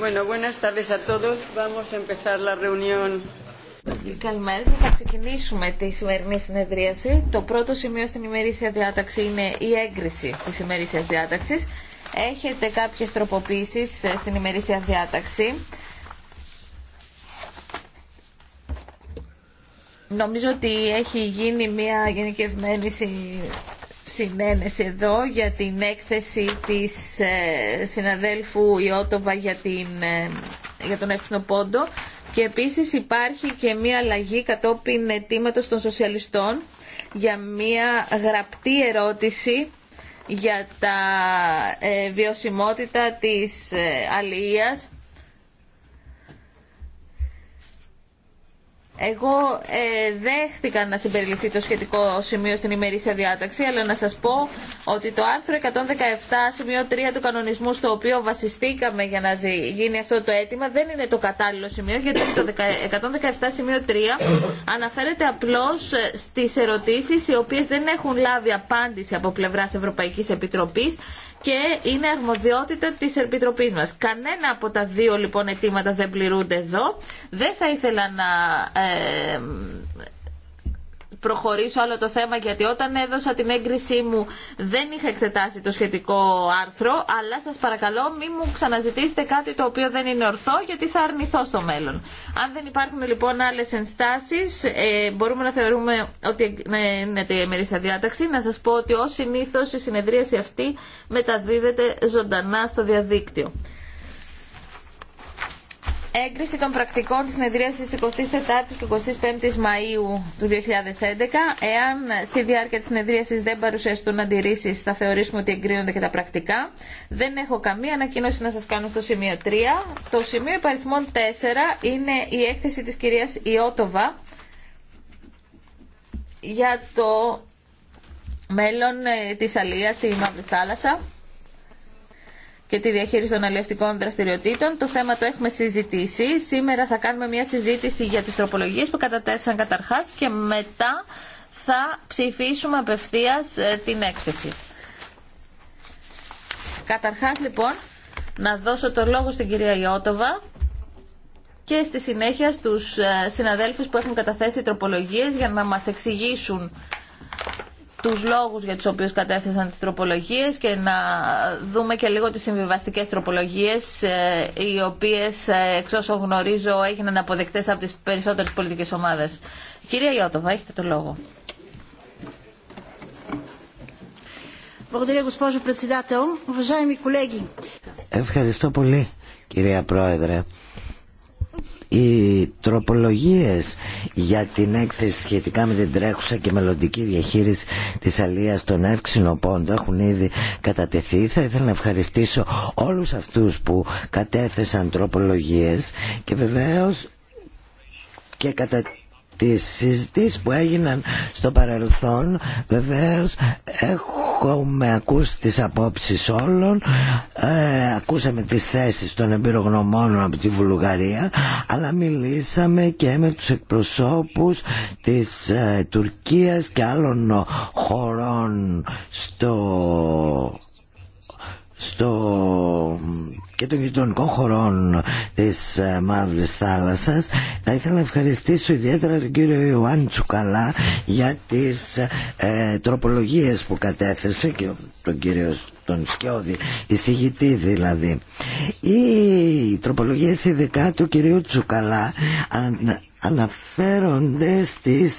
Καλημέρα σα Θα ξεκινήσουμε τη σημερινή συνεδρίαση. Το πρώτο σημείο στην ημερήσια διάταξη είναι η έγκριση της ημερήσιας διάταξης. Έχετε κάποιες τροποποίησεις ε, στην ημερήσια διάταξη. Νομίζω ότι έχει γίνει μια γενικευμένη συνένεση εδώ για την έκθεση της ε, συναδέλφου Ιώτοβα για, την, ε, για τον έξινο πόντο και επίσης υπάρχει και μία αλλαγή κατόπιν αιτήματος των σοσιαλιστών για μία γραπτή ερώτηση για τα ε, βιωσιμότητα της αλληλείας Εγώ ε, δέχτηκα να συμπεριληφθεί το σχετικό σημείο στην ημερήσια διάταξη, αλλά να σας πω ότι το άρθρο 117 σημείο 3 του κανονισμού στο οποίο βασιστήκαμε για να γίνει αυτό το αίτημα δεν είναι το κατάλληλο σημείο, γιατί το 117 σημείο 3 αναφέρεται απλώς ε, στις ερωτήσεις οι οποίες δεν έχουν λάβει απάντηση από πλευράς Ευρωπαϊκής Επιτροπής και είναι αρμοδιότητα τη Επιτροπή μα. Κανένα από τα δύο λοιπόν αιτήματα δεν πληρούνται εδώ. Δεν θα ήθελα να ε, προχωρήσω άλλο το θέμα γιατί όταν έδωσα την έγκρισή μου δεν είχα εξετάσει το σχετικό άρθρο αλλά σας παρακαλώ μη μου ξαναζητήσετε κάτι το οποίο δεν είναι ορθό γιατί θα αρνηθώ στο μέλλον. Αν δεν υπάρχουν λοιπόν άλλες ενστάσεις ε, μπορούμε να θεωρούμε ότι είναι ε, η εμερήσια διάταξη. Να σας πω ότι ως συνήθως η συνεδρίαση αυτή μεταδίδεται ζωντανά στο διαδίκτυο. Έγκριση των πρακτικών της συνεδρίας 24ης και 25ης Μαΐου του 2011. Εάν στη διάρκεια της συνεδρίασης δεν παρουσιαστούν αντιρρήσεις, θα θεωρήσουμε ότι εγκρίνονται και τα πρακτικά. Δεν έχω καμία ανακοίνωση να σας κάνω στο σημείο 3. Το σημείο υπαριθμών 4 είναι η έκθεση της κυρίας Ιώτοβα για το μέλλον ε, της Αλίας στη Μαύρη Θάλασσα και τη διαχείριση των αλληλευτικών δραστηριοτήτων. Το θέμα το έχουμε συζητήσει. Σήμερα θα κάνουμε μια συζήτηση για τις τροπολογίες που κατατέθησαν καταρχάς και μετά θα ψηφίσουμε απευθείας ε, την έκθεση. Καταρχάς λοιπόν να δώσω το λόγο στην κυρία Ιώτοβα και στη συνέχεια στους ε, συναδέλφους που έχουν καταθέσει τροπολογίες για να μας εξηγήσουν τους λόγους για τους οποίους κατέθεσαν τις τροπολογίες και να δούμε και λίγο τις συμβιβαστικές τροπολογίες ε, οι οποίες ε, εξ όσων γνωρίζω έγιναν αποδεκτές από τις περισσότερες πολιτικές ομάδες. Κυρία Ιώτοβα, έχετε το λόγο. Ευχαριστώ πολύ κυρία Πρόεδρε οι τροπολογίες για την έκθεση σχετικά με την τρέχουσα και μελλοντική διαχείριση της αλίας των εύξηνων πόντων έχουν ήδη κατατεθεί. Θα ήθελα να ευχαριστήσω όλους αυτούς που κατέθεσαν τροπολογίες και βεβαίως και κατά τις συζητήσεις που έγιναν στο παρελθόν βεβαίως έχουμε ακούσει τις απόψεις όλων ε, ακούσαμε τις θέσεις των εμπειρογνωμόνων από τη Βουλγαρία αλλά μιλήσαμε και με τους εκπροσώπους της ε, Τουρκίας και άλλων χωρών στο στο και τον γειτονικών χωρών της ε, Μαύρης θα ήθελα να ευχαριστήσω ιδιαίτερα τον κύριο Ιωάννη Τσουκαλά για τις ε, τροπολογίες που κατέθεσε και τον κύριο τον Σκιώδη, εισηγητή δηλαδή. Οι τροπολογίες ειδικά του κυρίου Τσουκαλά αναφέρονται στις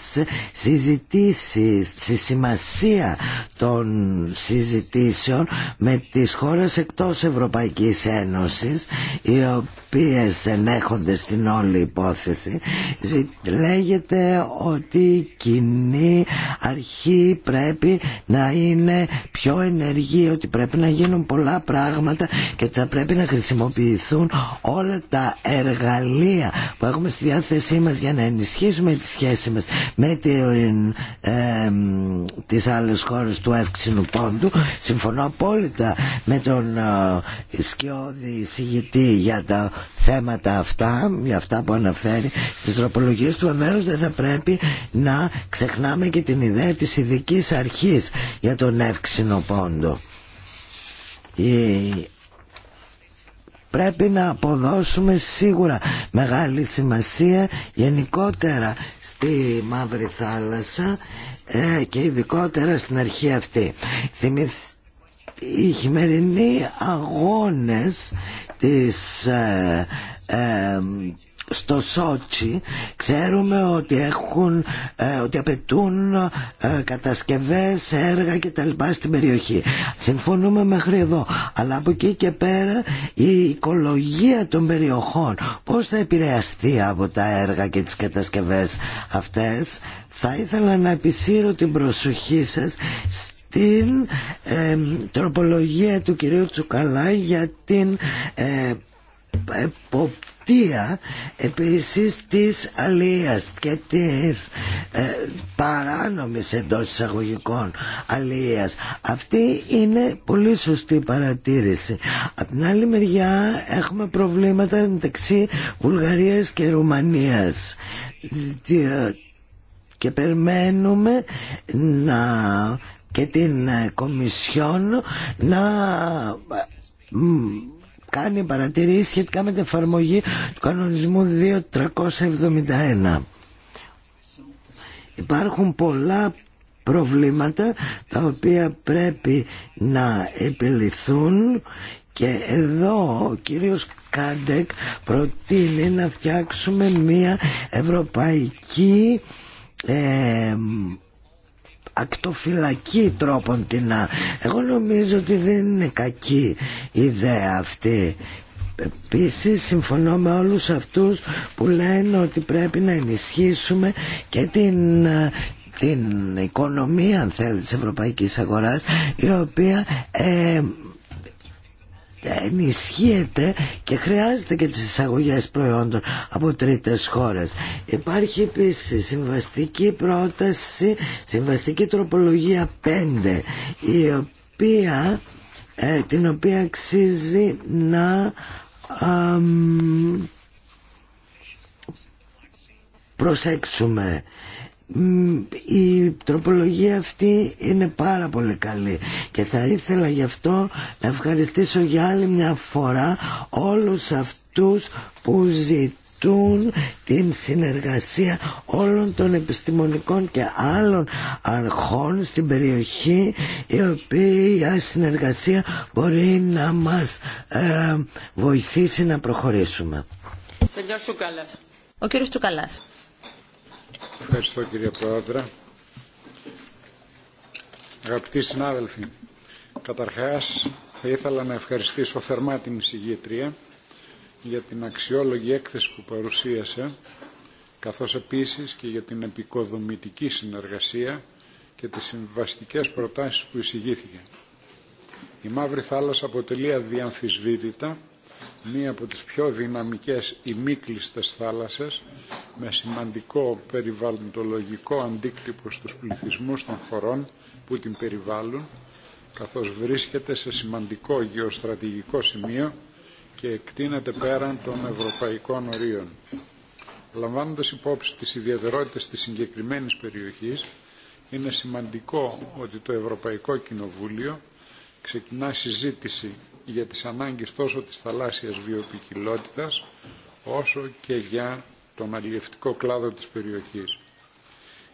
συζητήσεις, στη σημασία των συζητήσεων με τις χώρες εκτός Ευρωπαϊκής Ένωσης οι οποίες ενέχονται στην όλη υπόθεση λέγεται ότι η κοινή αρχή πρέπει να είναι πιο ενεργή, ότι πρέπει να γίνουν πολλά πράγματα και ότι θα πρέπει να χρησιμοποιηθούν όλα τα εργαλεία που έχουμε στη διάθεσή μας για να ενισχύσουμε τη σχέση μας με την, ε, τις άλλες χώρες του εύξηνου πόντου. Συμφωνώ απόλυτα με τον ε, σκιώδη συγητή για τα θέματα αυτά, για αυτά που αναφέρει στις τροπολογίες του. Βεβαίως δεν θα πρέπει να ξεχνάμε και την ιδέα ιδέα της ειδική αρχής για τον εύξηνο πόντο. Πρέπει να αποδώσουμε σίγουρα μεγάλη σημασία γενικότερα στη Μαύρη Θάλασσα ε, και ειδικότερα στην αρχή αυτή. Οι χειμερινοί αγώνες της ε, ε, στο Σότσι ξέρουμε ότι έχουν ε, ότι απαιτούν ε, κατασκευές, έργα και τα στην περιοχή. Συμφωνούμε μέχρι εδώ. Αλλά από εκεί και πέρα η οικολογία των περιοχών πώς θα επηρεαστεί από τα έργα και τις κατασκευές αυτές θα ήθελα να επισύρω την προσοχή σας στην ε, τροπολογία του κυρίου Τσουκαλά για την ε, αιτία επίσης της αλίας και της ε, παράνομης εντός εισαγωγικών αλίας. Αυτή είναι πολύ σωστή παρατήρηση. Από την άλλη μεριά έχουμε προβλήματα μεταξύ Βουλγαρίας και Ρουμανίας ε, και περιμένουμε να και την ε, Κομισιόν να ε, κάνει παρατηρήσει σχετικά με την εφαρμογή του κανονισμού 2371. Υπάρχουν πολλά προβλήματα τα οποία πρέπει να επιληθούν και εδώ ο κύριος Κάντεκ προτείνει να φτιάξουμε μια ευρωπαϊκή ε, ακτοφυλακή τρόπον την Εγώ νομίζω ότι δεν είναι κακή ιδέα αυτή. Επίση, συμφωνώ με όλους αυτούς που λένε ότι πρέπει να ενισχύσουμε και την την οικονομία αν θέλει της ευρωπαϊκής αγοράς η οποία ε, ενισχύεται και χρειάζεται και τις εισαγωγές προϊόντων από τρίτες χώρες. Υπάρχει επίσης συμβαστική πρόταση, συμβαστική τροπολογία 5, η οποία, ε, την οποία αξίζει να... προσέξουμε η τροπολογία αυτή είναι πάρα πολύ καλή και θα ήθελα γι' αυτό να ευχαριστήσω για άλλη μια φορά όλους αυτούς που ζητούν την συνεργασία όλων των επιστημονικών και άλλων αρχών στην περιοχή η οποία συνεργασία μπορεί να μας ε, βοηθήσει να προχωρήσουμε. Ο κύριος Τσουκαλάς. Ευχαριστώ κύριε Πρόεδρε. Αγαπητοί συνάδελφοι, καταρχάς θα ήθελα να ευχαριστήσω θερμά την εισηγήτρια για την αξιόλογη έκθεση που παρουσίασε, καθώς επίσης και για την επικοδομητική συνεργασία και τις συμβαστικές προτάσεις που εισηγήθηκε. Η Μαύρη Θάλασσα αποτελεί αδιαμφισβήτητα μία από τις πιο δυναμικές ημίκλειστες θάλασσες με σημαντικό περιβαλλοντολογικό αντίκτυπο στους πληθυσμούς των χωρών που την περιβάλλουν καθώς βρίσκεται σε σημαντικό γεωστρατηγικό σημείο και εκτείνεται πέραν των ευρωπαϊκών ορίων. Λαμβάνοντας υπόψη τις ιδιαιτερότητες της συγκεκριμένης περιοχής, είναι σημαντικό ότι το Ευρωπαϊκό Κοινοβούλιο ξεκινά συζήτηση για τις ανάγκες τόσο της θαλάσσιας βιοποικιλότητας όσο και για τον αλλιευτικό κλάδο της περιοχής.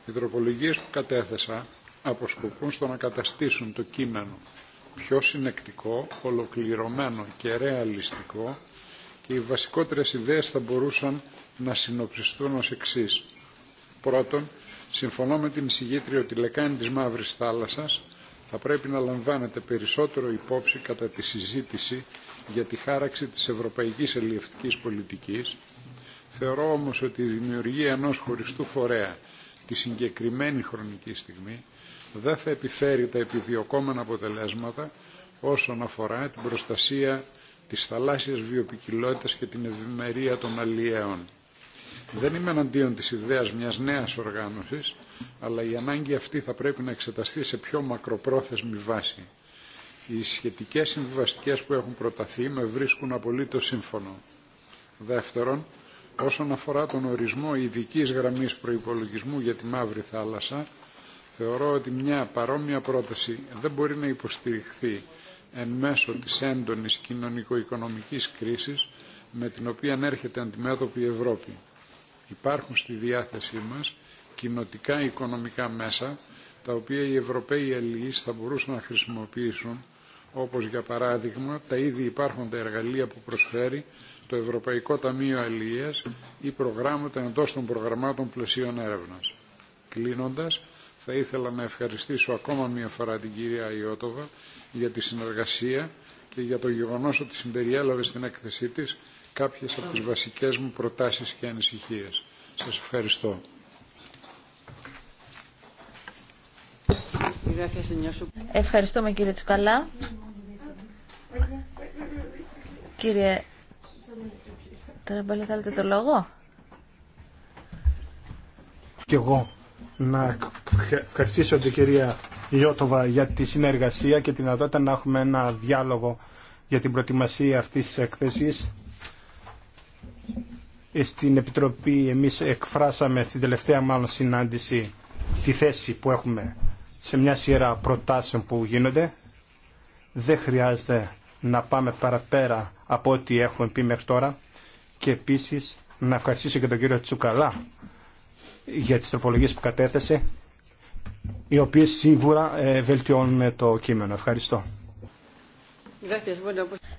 Οι τροπολογίες που κατέθεσα αποσκοπούν στο να καταστήσουν το κείμενο πιο συνεκτικό, ολοκληρωμένο και ρεαλιστικό και οι βασικότερες ιδέες θα μπορούσαν να συνοψιστούν ως εξής. Πρώτον, συμφωνώ με την εισηγήτρια ότι λεκάνη της Μαύρης Θάλασσας θα πρέπει να λαμβάνεται περισσότερο υπόψη κατά τη συζήτηση για τη χάραξη της ευρωπαϊκής ελληνευτικής πολιτικής. Θεωρώ όμως ότι η δημιουργία ενός χωριστού φορέα τη συγκεκριμένη χρονική στιγμή δεν θα επιφέρει τα επιδιωκόμενα αποτελέσματα όσον αφορά την προστασία της θαλάσσιας βιοπικιλότητας και την ευημερία των αλλιέων. Δεν είμαι εναντίον της ιδέας μιας νέας οργάνωσης, αλλά η ανάγκη αυτή θα πρέπει να εξεταστεί σε πιο μακροπρόθεσμη βάση. Οι σχετικές συμβιβαστικές που έχουν προταθεί με βρίσκουν απολύτως σύμφωνο. Δεύτερον, όσον αφορά τον ορισμό ειδική γραμμής προϋπολογισμού για τη Μαύρη Θάλασσα, θεωρώ ότι μια παρόμοια πρόταση δεν μπορεί να υποστηριχθεί εν μέσω της έντονης κοινωνικο-οικονομικής κρίσης με την οποία έρχεται αντιμέτωπη η Ευρώπη. Υπάρχουν στη διάθεσή μας κοινοτικά οικονομικά μέσα τα οποία οι Ευρωπαίοι αλληλείς θα μπορούσαν να χρησιμοποιήσουν όπως για παράδειγμα τα ήδη υπάρχοντα εργαλεία που προσφέρει το Ευρωπαϊκό Ταμείο Αλληλείας ή προγράμματα εντός των προγραμμάτων πλαισίων έρευνας. Κλείνοντας, θα ήθελα να ευχαριστήσω ακόμα μία φορά την κυρία Ιώτοβα για τη συνεργασία και για το γεγονός ότι συμπεριέλαβε στην έκθεσή της κάποιες από τις βασικές μου προτάσεις και ανησυχίες. Σας ευχαριστώ. Ευχαριστούμε κύριε Τσουκαλά. Κύριε Τραμπαλή, θέλετε το λόγο. Κι εγώ να ευχαριστήσω την κυρία Ιώτοβα για τη συνεργασία και τη δυνατότητα να έχουμε ένα διάλογο για την προετοιμασία αυτής της εκθέσης. Ε, στην Επιτροπή εμείς εκφράσαμε στην τελευταία μάλλον συνάντηση τη θέση που έχουμε σε μια σειρά προτάσεων που γίνονται. Δεν χρειάζεται να πάμε παραπέρα από ό,τι έχουμε πει μέχρι τώρα και επίσης να ευχαριστήσω και τον κύριο Τσουκαλά για τις τροπολογίες που κατέθεσε οι οποίες σίγουρα ε, βελτιώνουν το κείμενο. Ευχαριστώ.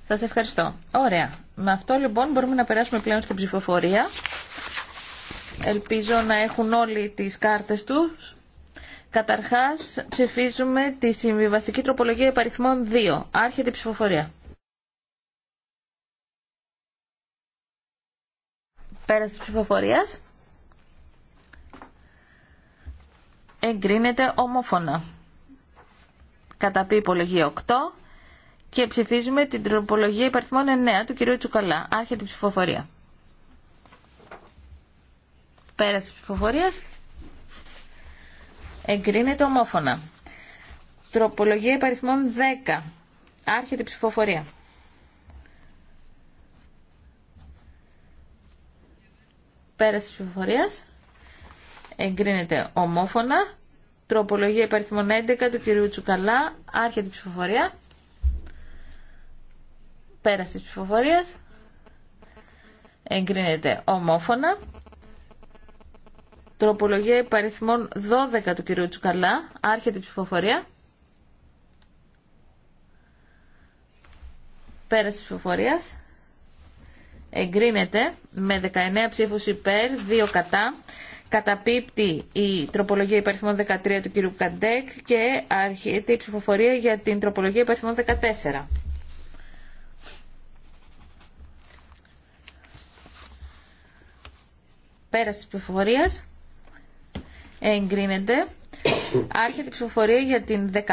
Σας ευχαριστώ. Ωραία. Με αυτό λοιπόν μπορούμε να περάσουμε πλέον στην ψηφοφορία. Ελπίζω να έχουν όλοι τις κάρτες τους. Καταρχάς ψηφίζουμε τη συμβιβαστική τροπολογία υπαριθμών 2. Άρχεται η ψηφοφορία. Πέραση ψηφοφορίας. Εγκρίνεται ομόφωνα. πει υπολογία 8 και ψηφίζουμε την τροπολογία υπαριθμών 9 του κυρίου Τσουκαλά. Άρχεται η ψηφοφορία. Πέραση ψηφοφορίας. Εγκρίνεται ομόφωνα. Τροπολογία υπαριθμών 10. Άρχεται η ψηφοφορία. Πέραση τη ψηφοφορίας. Εγκρίνεται ομόφωνα. Τροπολογία υπαριθμών 11 του κυρίου Τσουκαλά. Άρχεται η ψηφοφορία. πέρασε τη ψηφοφορίας. Εγκρίνεται ομόφωνα. Τροπολογία υπαριθμών 12 του κυρίου Τσουκαλά. Άρχεται η ψηφοφορία. Πέραση ψηφοφορία. Εγκρίνεται με 19 ψήφους υπέρ, 2 κατά. Καταπίπτει η τροπολογία υπαριθμών 13 του κυρίου Καντέκ και αρχίζει η ψηφοφορία για την τροπολογία υπαριθμών 14. Πέραση ψηφοφορίας εγκρίνεται. Άρχεται η ψηφοφορία για την 15.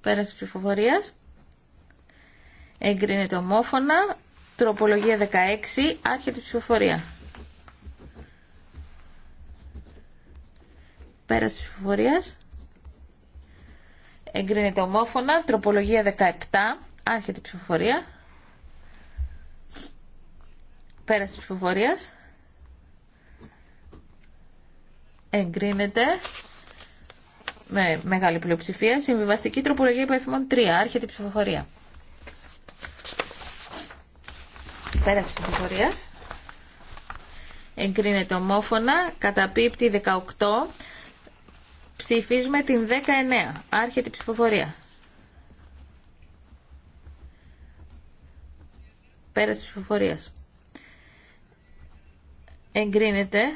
Πέραση ψηφοφορία. Εγκρίνεται ομόφωνα. Τροπολογία 16. Άρχεται η ψηφοφορία. Πέραση ψηφοφορία. Εγκρίνεται ομόφωνα. Τροπολογία 17. Άρχεται η ψηφοφορία. Πέραση ψηφοφορίας. Εγκρίνεται με μεγάλη πλειοψηφία. Συμβιβαστική τροπολογία υπαριθμών 3. Άρχεται η ψηφοφορία. Πέραση της ψηφοφορίας. Εγκρίνεται ομόφωνα. Καταπίπτει 18. Ψηφίζουμε την 19. Άρχεται η ψηφοφορία. Πέραση ψηφοφορίας. Εγκρίνεται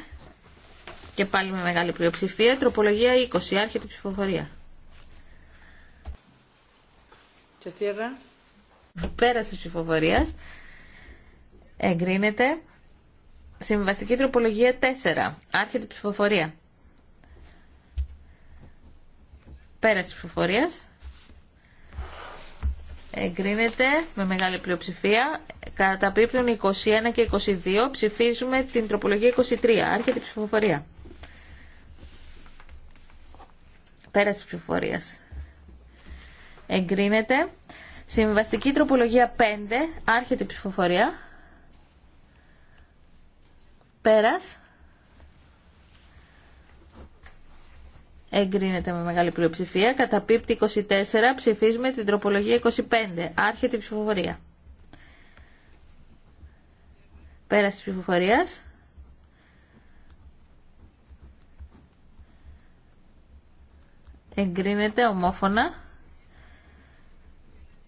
και πάλι με μεγάλη πλειοψηφία. Τροπολογία 20. Άρχεται ψηφοφορία. Πέραση Πέρασε ψηφοφορία. Εγκρίνεται. Συμβαστική τροπολογία 4. Άρχεται ψηφοφορία. Πέραση ψηφοφορία. Εγκρίνεται με μεγάλη πλειοψηφία. Καταπίπτουν 21 και 22. Ψηφίζουμε την τροπολογία 23. Άρχεται η ψηφοφορία. Πέραση ψηφοφορία. Εγκρίνεται. Συμβαστική τροπολογία 5. Άρχεται η ψηφοφορία. Πέρας. εγκρίνεται με μεγάλη πλειοψηφία. πίπτη 24, ψηφίζουμε την τροπολογία 25. Άρχεται η ψηφοφορία. Πέραση ψηφοφορία. Εγκρίνεται ομόφωνα.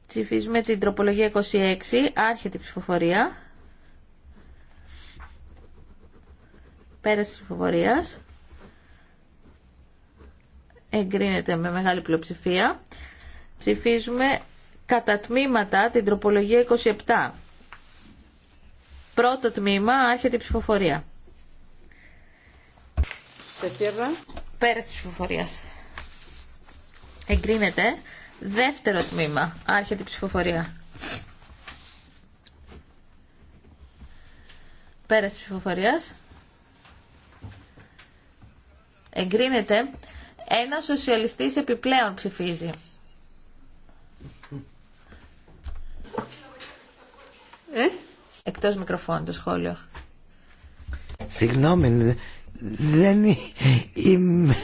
Ψηφίζουμε την τροπολογία 26, άρχεται η ψηφοφορία. Πέραση ψηφοφορία εγκρίνεται με μεγάλη πλειοψηφία. Ψηφίζουμε κατά τμήματα την τροπολογία 27. Πρώτο τμήμα, άρχεται η ψηφοφορία. Σε Πέρας της ψηφοφορίας. Εγκρίνεται. Δεύτερο τμήμα, άρχεται η ψηφοφορία. Πέρας της ψηφοφορίας. Εγκρίνεται. Ένα σοσιαλιστή επιπλέον ψηφίζει. Ε? Εκτός μικροφώνου το σχόλιο. Συγγνώμη, δεν, είμαι,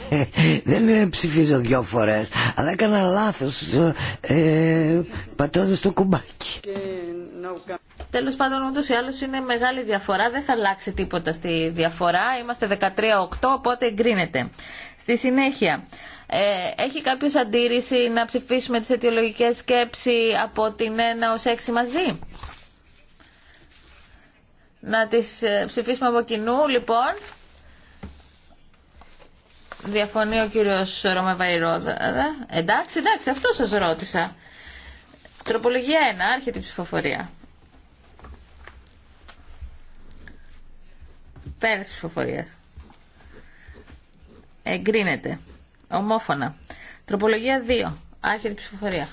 δεν ψηφίζω δυο φορές, αλλά έκανα λάθος ε, πατώντας το κουμπάκι. Τέλο πάντων, ούτω ή άλλω είναι μεγάλη διαφορά. Δεν θα αλλάξει τίποτα στη διαφορά. Είμαστε 13-8, οπότε εγκρίνεται. Στη συνέχεια, ε, έχει κάποιο αντίρρηση να ψηφίσουμε τις αιτιολογικές σκέψεις από την 1 ως 6 μαζί. Να τις ε, ψηφίσουμε από κοινού, λοιπόν. Διαφωνεί ο κύριος Ρωμαβαϊρόδα. Ε, εντάξει, εντάξει, αυτό σας ρώτησα. Τροπολογία 1, άρχεται η ψηφοφορία. Πέρας ψηφοφορίας. Εγκρίνεται. Ομόφωνα. Τροπολογία 2. Άρχεται ψηφοφορία.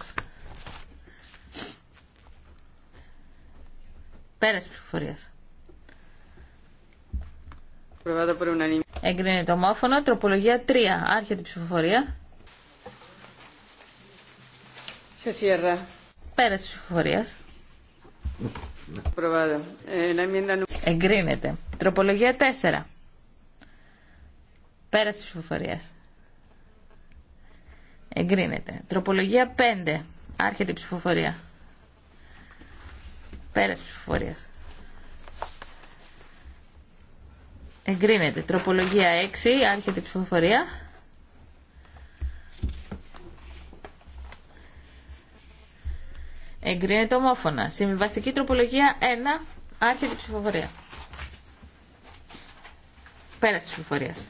Πέραση ψηφοφορία. Εγκρίνεται ομόφωνα. Τροπολογία 3. Άρχεται η ψηφοφορία. Σε σιέρα. Πέρασε ψηφοφορία. Ε, Εγκρίνεται. Τροπολογία 4. Πέραση ψηφοφορία. ψηφοφορίας. Εγκρίνεται. Τροπολογία 5. Άρχεται η ψηφοφορία. Πέραση ψηφοφορίας. Εγκρίνεται. Τροπολογία 6. Άρχεται η ψηφοφορία. Εγκρίνεται ομόφωνα. Συμβιβαστική τροπολογία 1. Άρχεται η ψηφοφορία. Πέραση ψηφοφορίας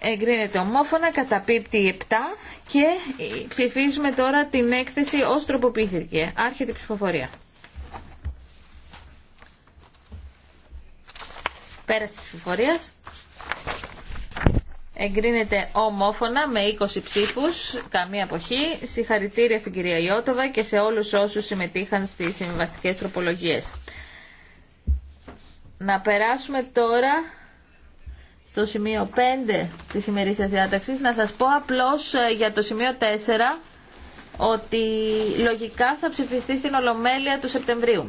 εγκρίνεται ομόφωνα, καταπίπτει 7 και ψηφίζουμε τώρα την έκθεση ως τροποποιήθηκε. Άρχεται η ψηφοφορία. Πέραση ψηφοφορίας. Εγκρίνεται ομόφωνα με 20 ψήφους, καμία αποχή. Συγχαρητήρια στην κυρία Ιώτοβα και σε όλους όσους συμμετείχαν στις συμβαστικές τροπολογίες. Να περάσουμε τώρα στο σημείο 5 της ημερήσιας διάταξης. Να σας πω απλώς ε, για το σημείο 4 ότι λογικά θα ψηφιστεί στην Ολομέλεια του Σεπτεμβρίου.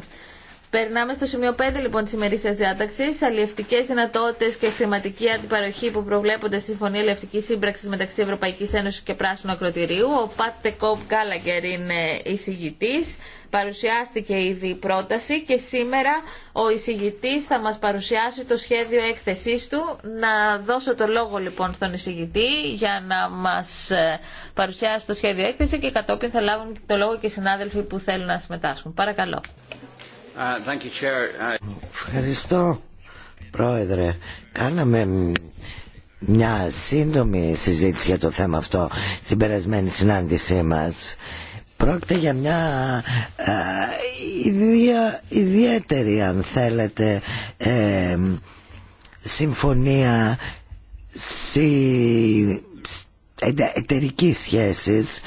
Περνάμε στο σημείο 5 λοιπόν τη ημερήσια διάταξη. Αλλιευτικέ δυνατότητε και χρηματική αντιπαροχή που προβλέπονται στη Συμφωνία Αλλιευτική Σύμπραξη μεταξύ Ευρωπαϊκή Ένωση και Πράσινου Ακροτηρίου. Ο Πάτε Κόμπ Γκάλαγκερ είναι εισηγητή. Παρουσιάστηκε ήδη η πρόταση και σήμερα ο εισηγητή θα μα παρουσιάσει το σχέδιο έκθεσή του. Να δώσω το λόγο λοιπόν στον εισηγητή για να μα ε, παρουσιάσει το σχέδιο έκθεση και κατόπιν θα λάβουν το λόγο και οι συνάδελφοι που θέλουν να συμμετάσχουν. Παρακαλώ. Ευχαριστώ, Πρόεδρε. Κάναμε μια σύντομη συζήτηση για το θέμα αυτό στην περασμένη συνάντησή μας. Πρόκειται για μια ε, ιδιαίτερη, αν θέλετε, ε, συμφωνία σε εταιρικής σχέσης.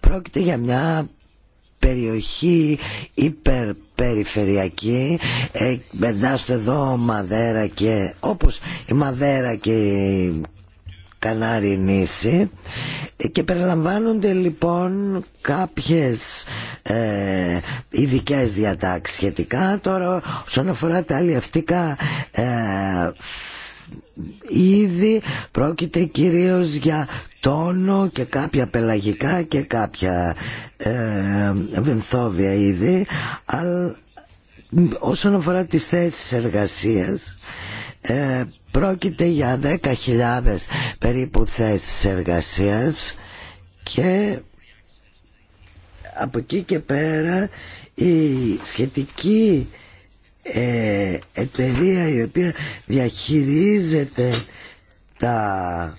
Πρόκειται για μια περιοχή υπερπεριφερειακή ε, εδώ Μαδέρα και όπως η Μαδέρα και η Κανάρη νήσι ε, και περιλαμβάνονται λοιπόν κάποιες ε, ειδικέ διατάξεις σχετικά τώρα όσον αφορά τα ε, Ηδη πρόκειται κυρίως για τόνο και κάποια πελαγικά και κάποια ε, βενθόβια ήδη αλλά όσον αφορά τις θέσεις εργασίας ε, πρόκειται για 10.000 περίπου θέσεις εργασίας και από εκεί και πέρα η σχετική ε, ε, εταιρεία η οποία διαχειρίζεται τα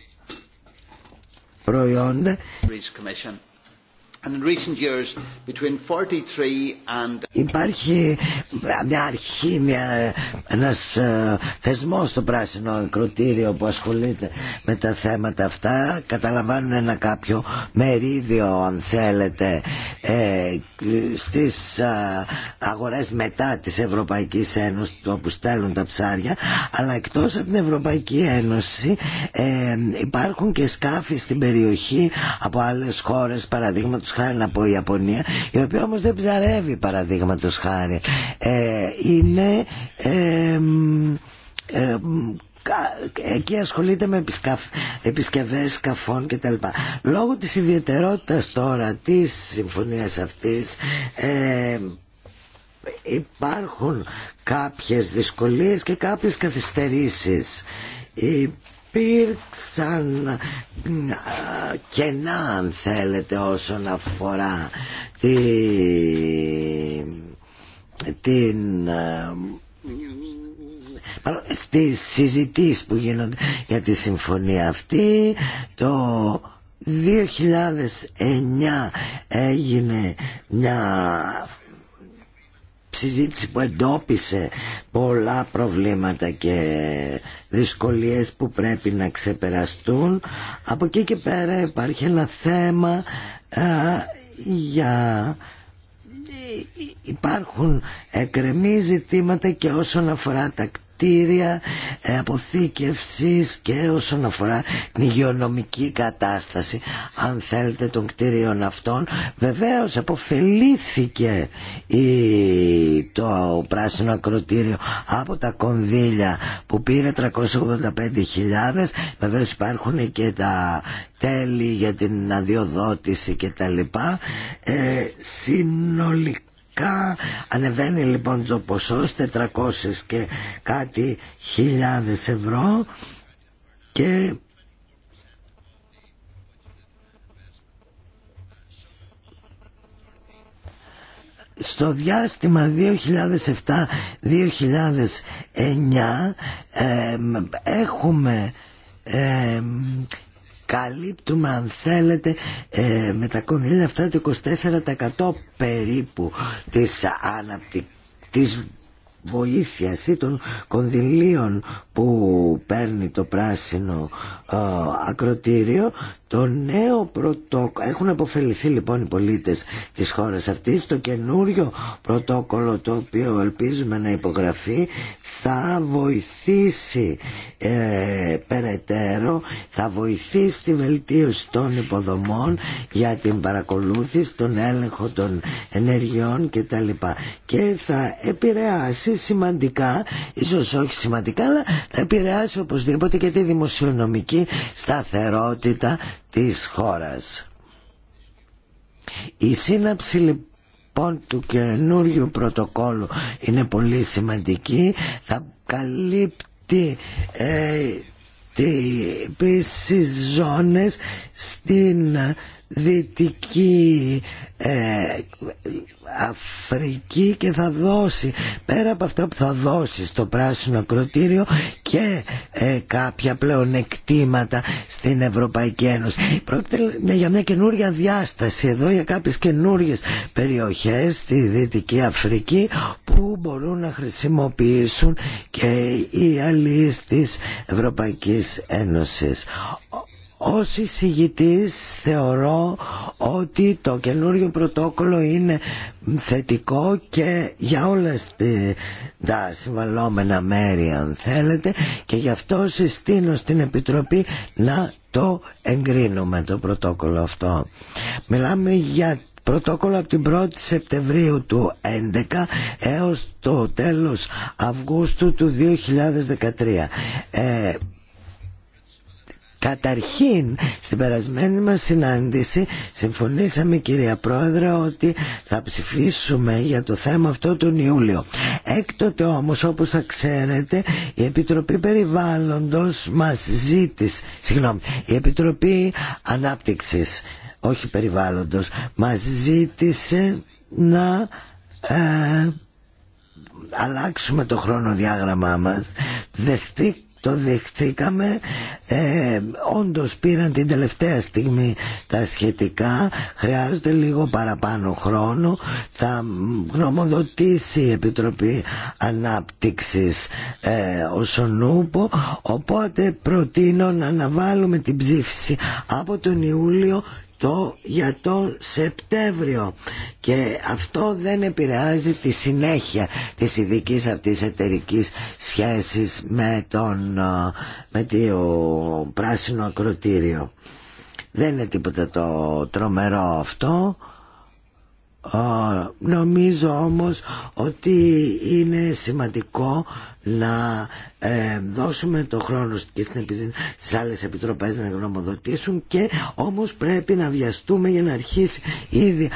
προϊόντα Υπάρχει μια αρχή, μια, ένας ε, θεσμός στο πράσινο κροτήριο που ασχολείται με τα θέματα αυτά. Καταλαμβάνουν ένα κάποιο μερίδιο, αν θέλετε, στι ε, στις ε, αγορές μετά της Ευρωπαϊκής Ένωσης όπου στέλνουν τα ψάρια. Αλλά εκτός από την Ευρωπαϊκή Ένωση υπάρχουν και σκάφη στην περιοχή από άλλες χώρες, παραδείγματος χάρη πω η Ιαπωνία, η οποία όμως δεν ψαρεύει παραδείγματος χάρη. Ε, είναι... Ε, εκεί ασχολείται με επισκευές σκαφών κτλ. Λόγω της ιδιαιτερότητας τώρα της συμφωνίας αυτής ε, υπάρχουν κάποιες δυσκολίες και κάποιες καθυστερήσεις υπήρξαν κενά αν θέλετε όσον αφορά τη, την στις συζητήσεις που γίνονται για τη συμφωνία αυτή το 2009 έγινε μια συζήτηση που εντόπισε πολλά προβλήματα και δυσκολίες που πρέπει να ξεπεραστούν. Από εκεί και πέρα υπάρχει ένα θέμα για... Ε, ε, υπάρχουν εκρεμή ζητήματα και όσον αφορά τα κτίρια ε, αποθήκευσης και όσον αφορά την υγειονομική κατάσταση αν θέλετε των κτίριων αυτών βεβαίως αποφελήθηκε η, το πράσινο ακροτήριο από τα κονδύλια που πήρε 385.000 βεβαίως υπάρχουν και τα τέλη για την αδειοδότηση και τα λοιπά ε, συνολικά Ανεβαίνει λοιπόν το ποσό 400 και κάτι χιλιάδες ευρώ και στο διάστημα 2007-2009 έχουμε καλύπτουμε αν θέλετε ε, με τα κονδύλια αυτά το 24% περίπου της, αναπτυ... της βοήθειας ή των κονδυλίων που παίρνει το πράσινο ε, ακροτήριο το νέο πρωτόκολλο έχουν αποφεληθεί λοιπόν οι πολίτες της χώρας αυτής το καινούριο πρωτόκολλο το οποίο ελπίζουμε να υπογραφεί θα βοηθήσει ε, περαιτέρω θα βοηθήσει τη βελτίωση των υποδομών για την παρακολούθηση τον έλεγχο των ενεργειών κτλ και θα επηρεάσει σημαντικά ίσως όχι σημαντικά αλλά θα επηρεάσει οπωσδήποτε και τη δημοσιονομική σταθερότητα της χώρας. Η σύναψη λοιπόν του καινούριου πρωτοκόλου είναι πολύ σημαντική, θα καλύπτει ε, τις ζώνες στην δυτική ε, Αφρική και θα δώσει πέρα από αυτά που θα δώσει στο πράσινο ακροτήριο και ε, κάποια πλεονεκτήματα στην Ευρωπαϊκή Ένωση. Πρόκειται ε, για μια καινούρια διάσταση εδώ για κάποιες καινούριες περιοχές στη Δυτική Αφρική που μπορούν να χρησιμοποιήσουν και οι αλληλείς της Ευρωπαϊκής Ένωσης. Ως εισηγητής θεωρώ ότι το καινούριο πρωτόκολλο είναι θετικό και για όλα τα συμβαλόμενα μέρη αν θέλετε και γι' αυτό συστήνω στην Επιτροπή να το εγκρίνουμε το πρωτόκολλο αυτό. Μιλάμε για πρωτόκολλο από την 1η Σεπτεμβρίου του 2011 έως το τέλος Αυγούστου του 2013. Ε, Καταρχήν, στην περασμένη μας συνάντηση συμφωνήσαμε κυρία Πρόεδρε ότι θα ψηφίσουμε για το θέμα αυτό τον Ιούλιο. Έκτοτε όμως όπως θα ξέρετε η Επιτροπή Περιβάλλοντος μας ζήτησε, συγγνώμη, η Επιτροπή Ανάπτυξης, όχι Περιβάλλοντος, μας ζήτησε να... Ε, αλλάξουμε το χρονοδιάγραμμά μας δεχτεί το δεχθήκαμε ε, όντως πήραν την τελευταία στιγμή τα σχετικά χρειάζεται λίγο παραπάνω χρόνο θα γνωμοδοτήσει η Επιτροπή Ανάπτυξης ε, όσον οπότε προτείνω να αναβάλουμε την ψήφιση από τον Ιούλιο το για το Σεπτέμβριο και αυτό δεν επηρεάζει τη συνέχεια της ειδική αυτής εταιρική σχέσης με, τον, με το πράσινο ακροτήριο. Δεν είναι τίποτα το τρομερό αυτό νομίζω όμως ότι είναι σημαντικό να ε, δώσουμε το χρόνο και στην, στις άλλες επιτροπές να γνωμοδοτήσουν και όμως πρέπει να βιαστούμε για να αρχίσει ήδη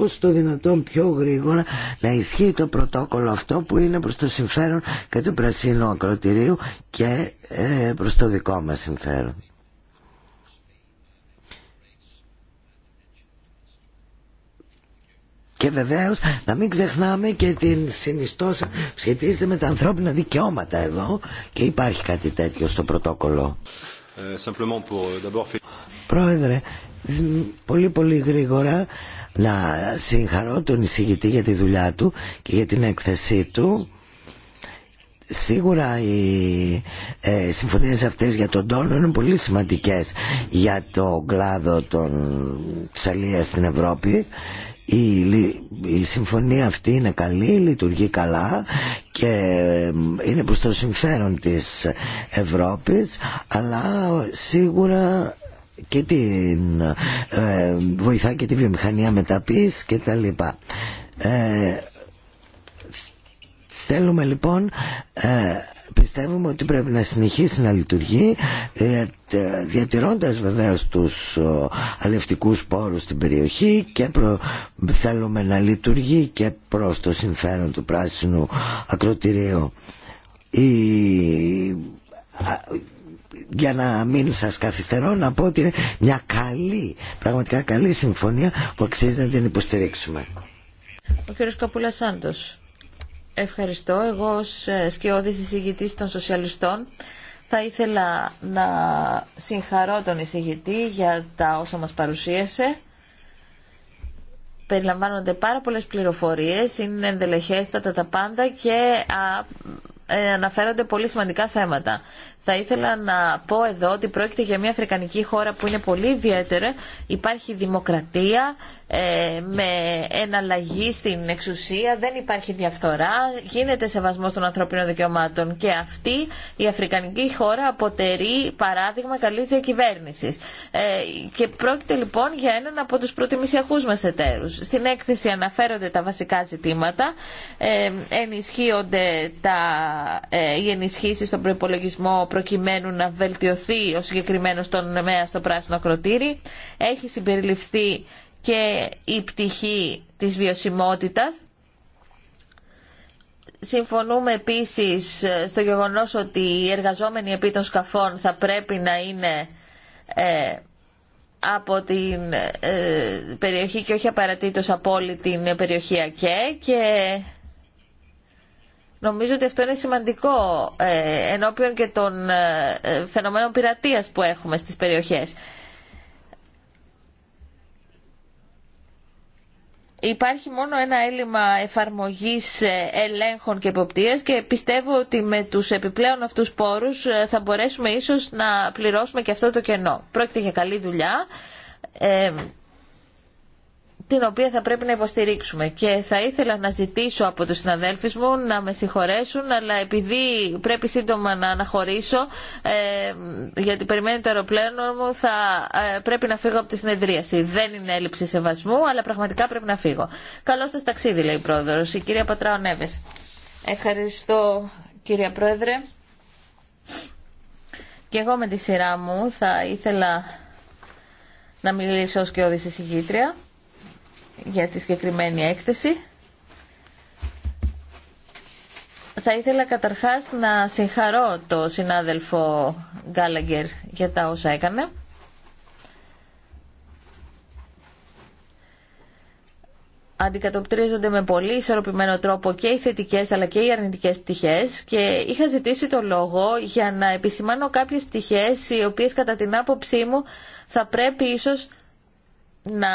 ω το δυνατόν πιο γρήγορα να ισχύει το πρωτόκολλο αυτό που είναι προς το συμφέρον και του Πρασίνου Ακροτηρίου και ε, προς το δικό μας συμφέρον. Και βεβαίως να μην ξεχνάμε και την συνιστόσα σχετίζεται με τα ανθρώπινα δικαιώματα εδώ και υπάρχει κάτι τέτοιο στο πρωτόκολλο. Ε, euh, Πρόεδρε, πολύ πολύ γρήγορα να συγχαρώ τον εισηγητή για τη δουλειά του και για την έκθεσή του. Σίγουρα οι ε, συμφωνίες αυτές για τον τόνο είναι πολύ σημαντικές για το κλάδο των Ξαλίας στην Ευρώπη η, συμφωνία αυτή είναι καλή, λειτουργεί καλά και είναι προς το συμφέρον της Ευρώπης αλλά σίγουρα και την ε, βοηθά και τη βιομηχανία μεταπής και τα λοιπά. Ε, θέλουμε λοιπόν ε, Πιστεύουμε ότι πρέπει να συνεχίσει να λειτουργεί ε, διατηρώντας βεβαίως τους αλευτικούς πόρους στην περιοχή και προ... θέλουμε να λειτουργεί και προς το συμφέρον του πράσινου ακροτηρίου. Για να μην σας καθυστερώ να πω ότι είναι μια καλή, πραγματικά καλή συμφωνία που αξίζει να την υποστηρίξουμε. Ο κύριος Καπούλα Ευχαριστώ. Εγώ ως ε, σκιώδης εισηγητής των σοσιαλιστών θα ήθελα να συγχαρώ τον εισηγητή για τα όσα μας παρουσίασε. Περιλαμβάνονται πάρα πολλές πληροφορίες, είναι εντελεχέστατα τα πάντα και ε, αναφέρονται πολύ σημαντικά θέματα. Θα ήθελα να πω εδώ ότι πρόκειται για μια Αφρικανική χώρα που είναι πολύ ιδιαίτερη. Υπάρχει δημοκρατία ε, με εναλλαγή στην εξουσία, δεν υπάρχει διαφθορά, γίνεται σεβασμός των ανθρωπίνων δικαιωμάτων και αυτή η Αφρικανική χώρα αποτερεί παράδειγμα καλής διακυβέρνησης. Ε, και πρόκειται λοιπόν για έναν από τους προτιμησιακού μα εταίρου. Στην έκθεση αναφέρονται τα βασικά ζητήματα, ε, ενισχύονται τα, ε, οι ενισχύσεις στον προπολογισμό προκειμένου να βελτιωθεί ο συγκεκριμένος τον νεμαίων στο πράσινο κροτήρι. Έχει συμπεριληφθεί και η πτυχή της βιωσιμότητας. Συμφωνούμε επίσης στο γεγονός ότι οι εργαζόμενοι επί των σκαφών θα πρέπει να είναι ε, από την ε, περιοχή και όχι απαρατήτως από όλη την περιοχή ΑΚΕ και Νομίζω ότι αυτό είναι σημαντικό ε, ενώπιον και των ε, ε, φαινομένων πειρατείας που έχουμε στις περιοχές. Υπάρχει μόνο ένα έλλειμμα εφαρμογής ε, ελέγχων και εποπτείας και πιστεύω ότι με τους επιπλέον αυτούς πόρους θα μπορέσουμε ίσως να πληρώσουμε και αυτό το κενό. Πρόκειται για καλή δουλειά. Ε, την οποία θα πρέπει να υποστηρίξουμε. Και θα ήθελα να ζητήσω από τους συναδέλφους μου να με συγχωρέσουν, αλλά επειδή πρέπει σύντομα να αναχωρήσω, ε, γιατί περιμένει το αεροπλάνο μου, θα ε, πρέπει να φύγω από τη συνεδρίαση. Δεν είναι έλλειψη σεβασμού, αλλά πραγματικά πρέπει να φύγω. Καλό σας ταξίδι, λέει η πρόεδρος, η κυρία Πατράο Νέβες. Ευχαριστώ, κυρία Πρόεδρε. Και εγώ με τη σειρά μου θα ήθελα να μιλήσω ως και όδηση για τη συγκεκριμένη έκθεση. Θα ήθελα καταρχάς να συγχαρώ το συνάδελφο Γκάλαγκερ για τα όσα έκανε. αντικατοπτρίζονται με πολύ ισορροπημένο τρόπο και οι θετικές αλλά και οι αρνητικές πτυχές και είχα ζητήσει το λόγο για να επισημάνω κάποιες πτυχές οι οποίες κατά την άποψή μου θα πρέπει ίσως να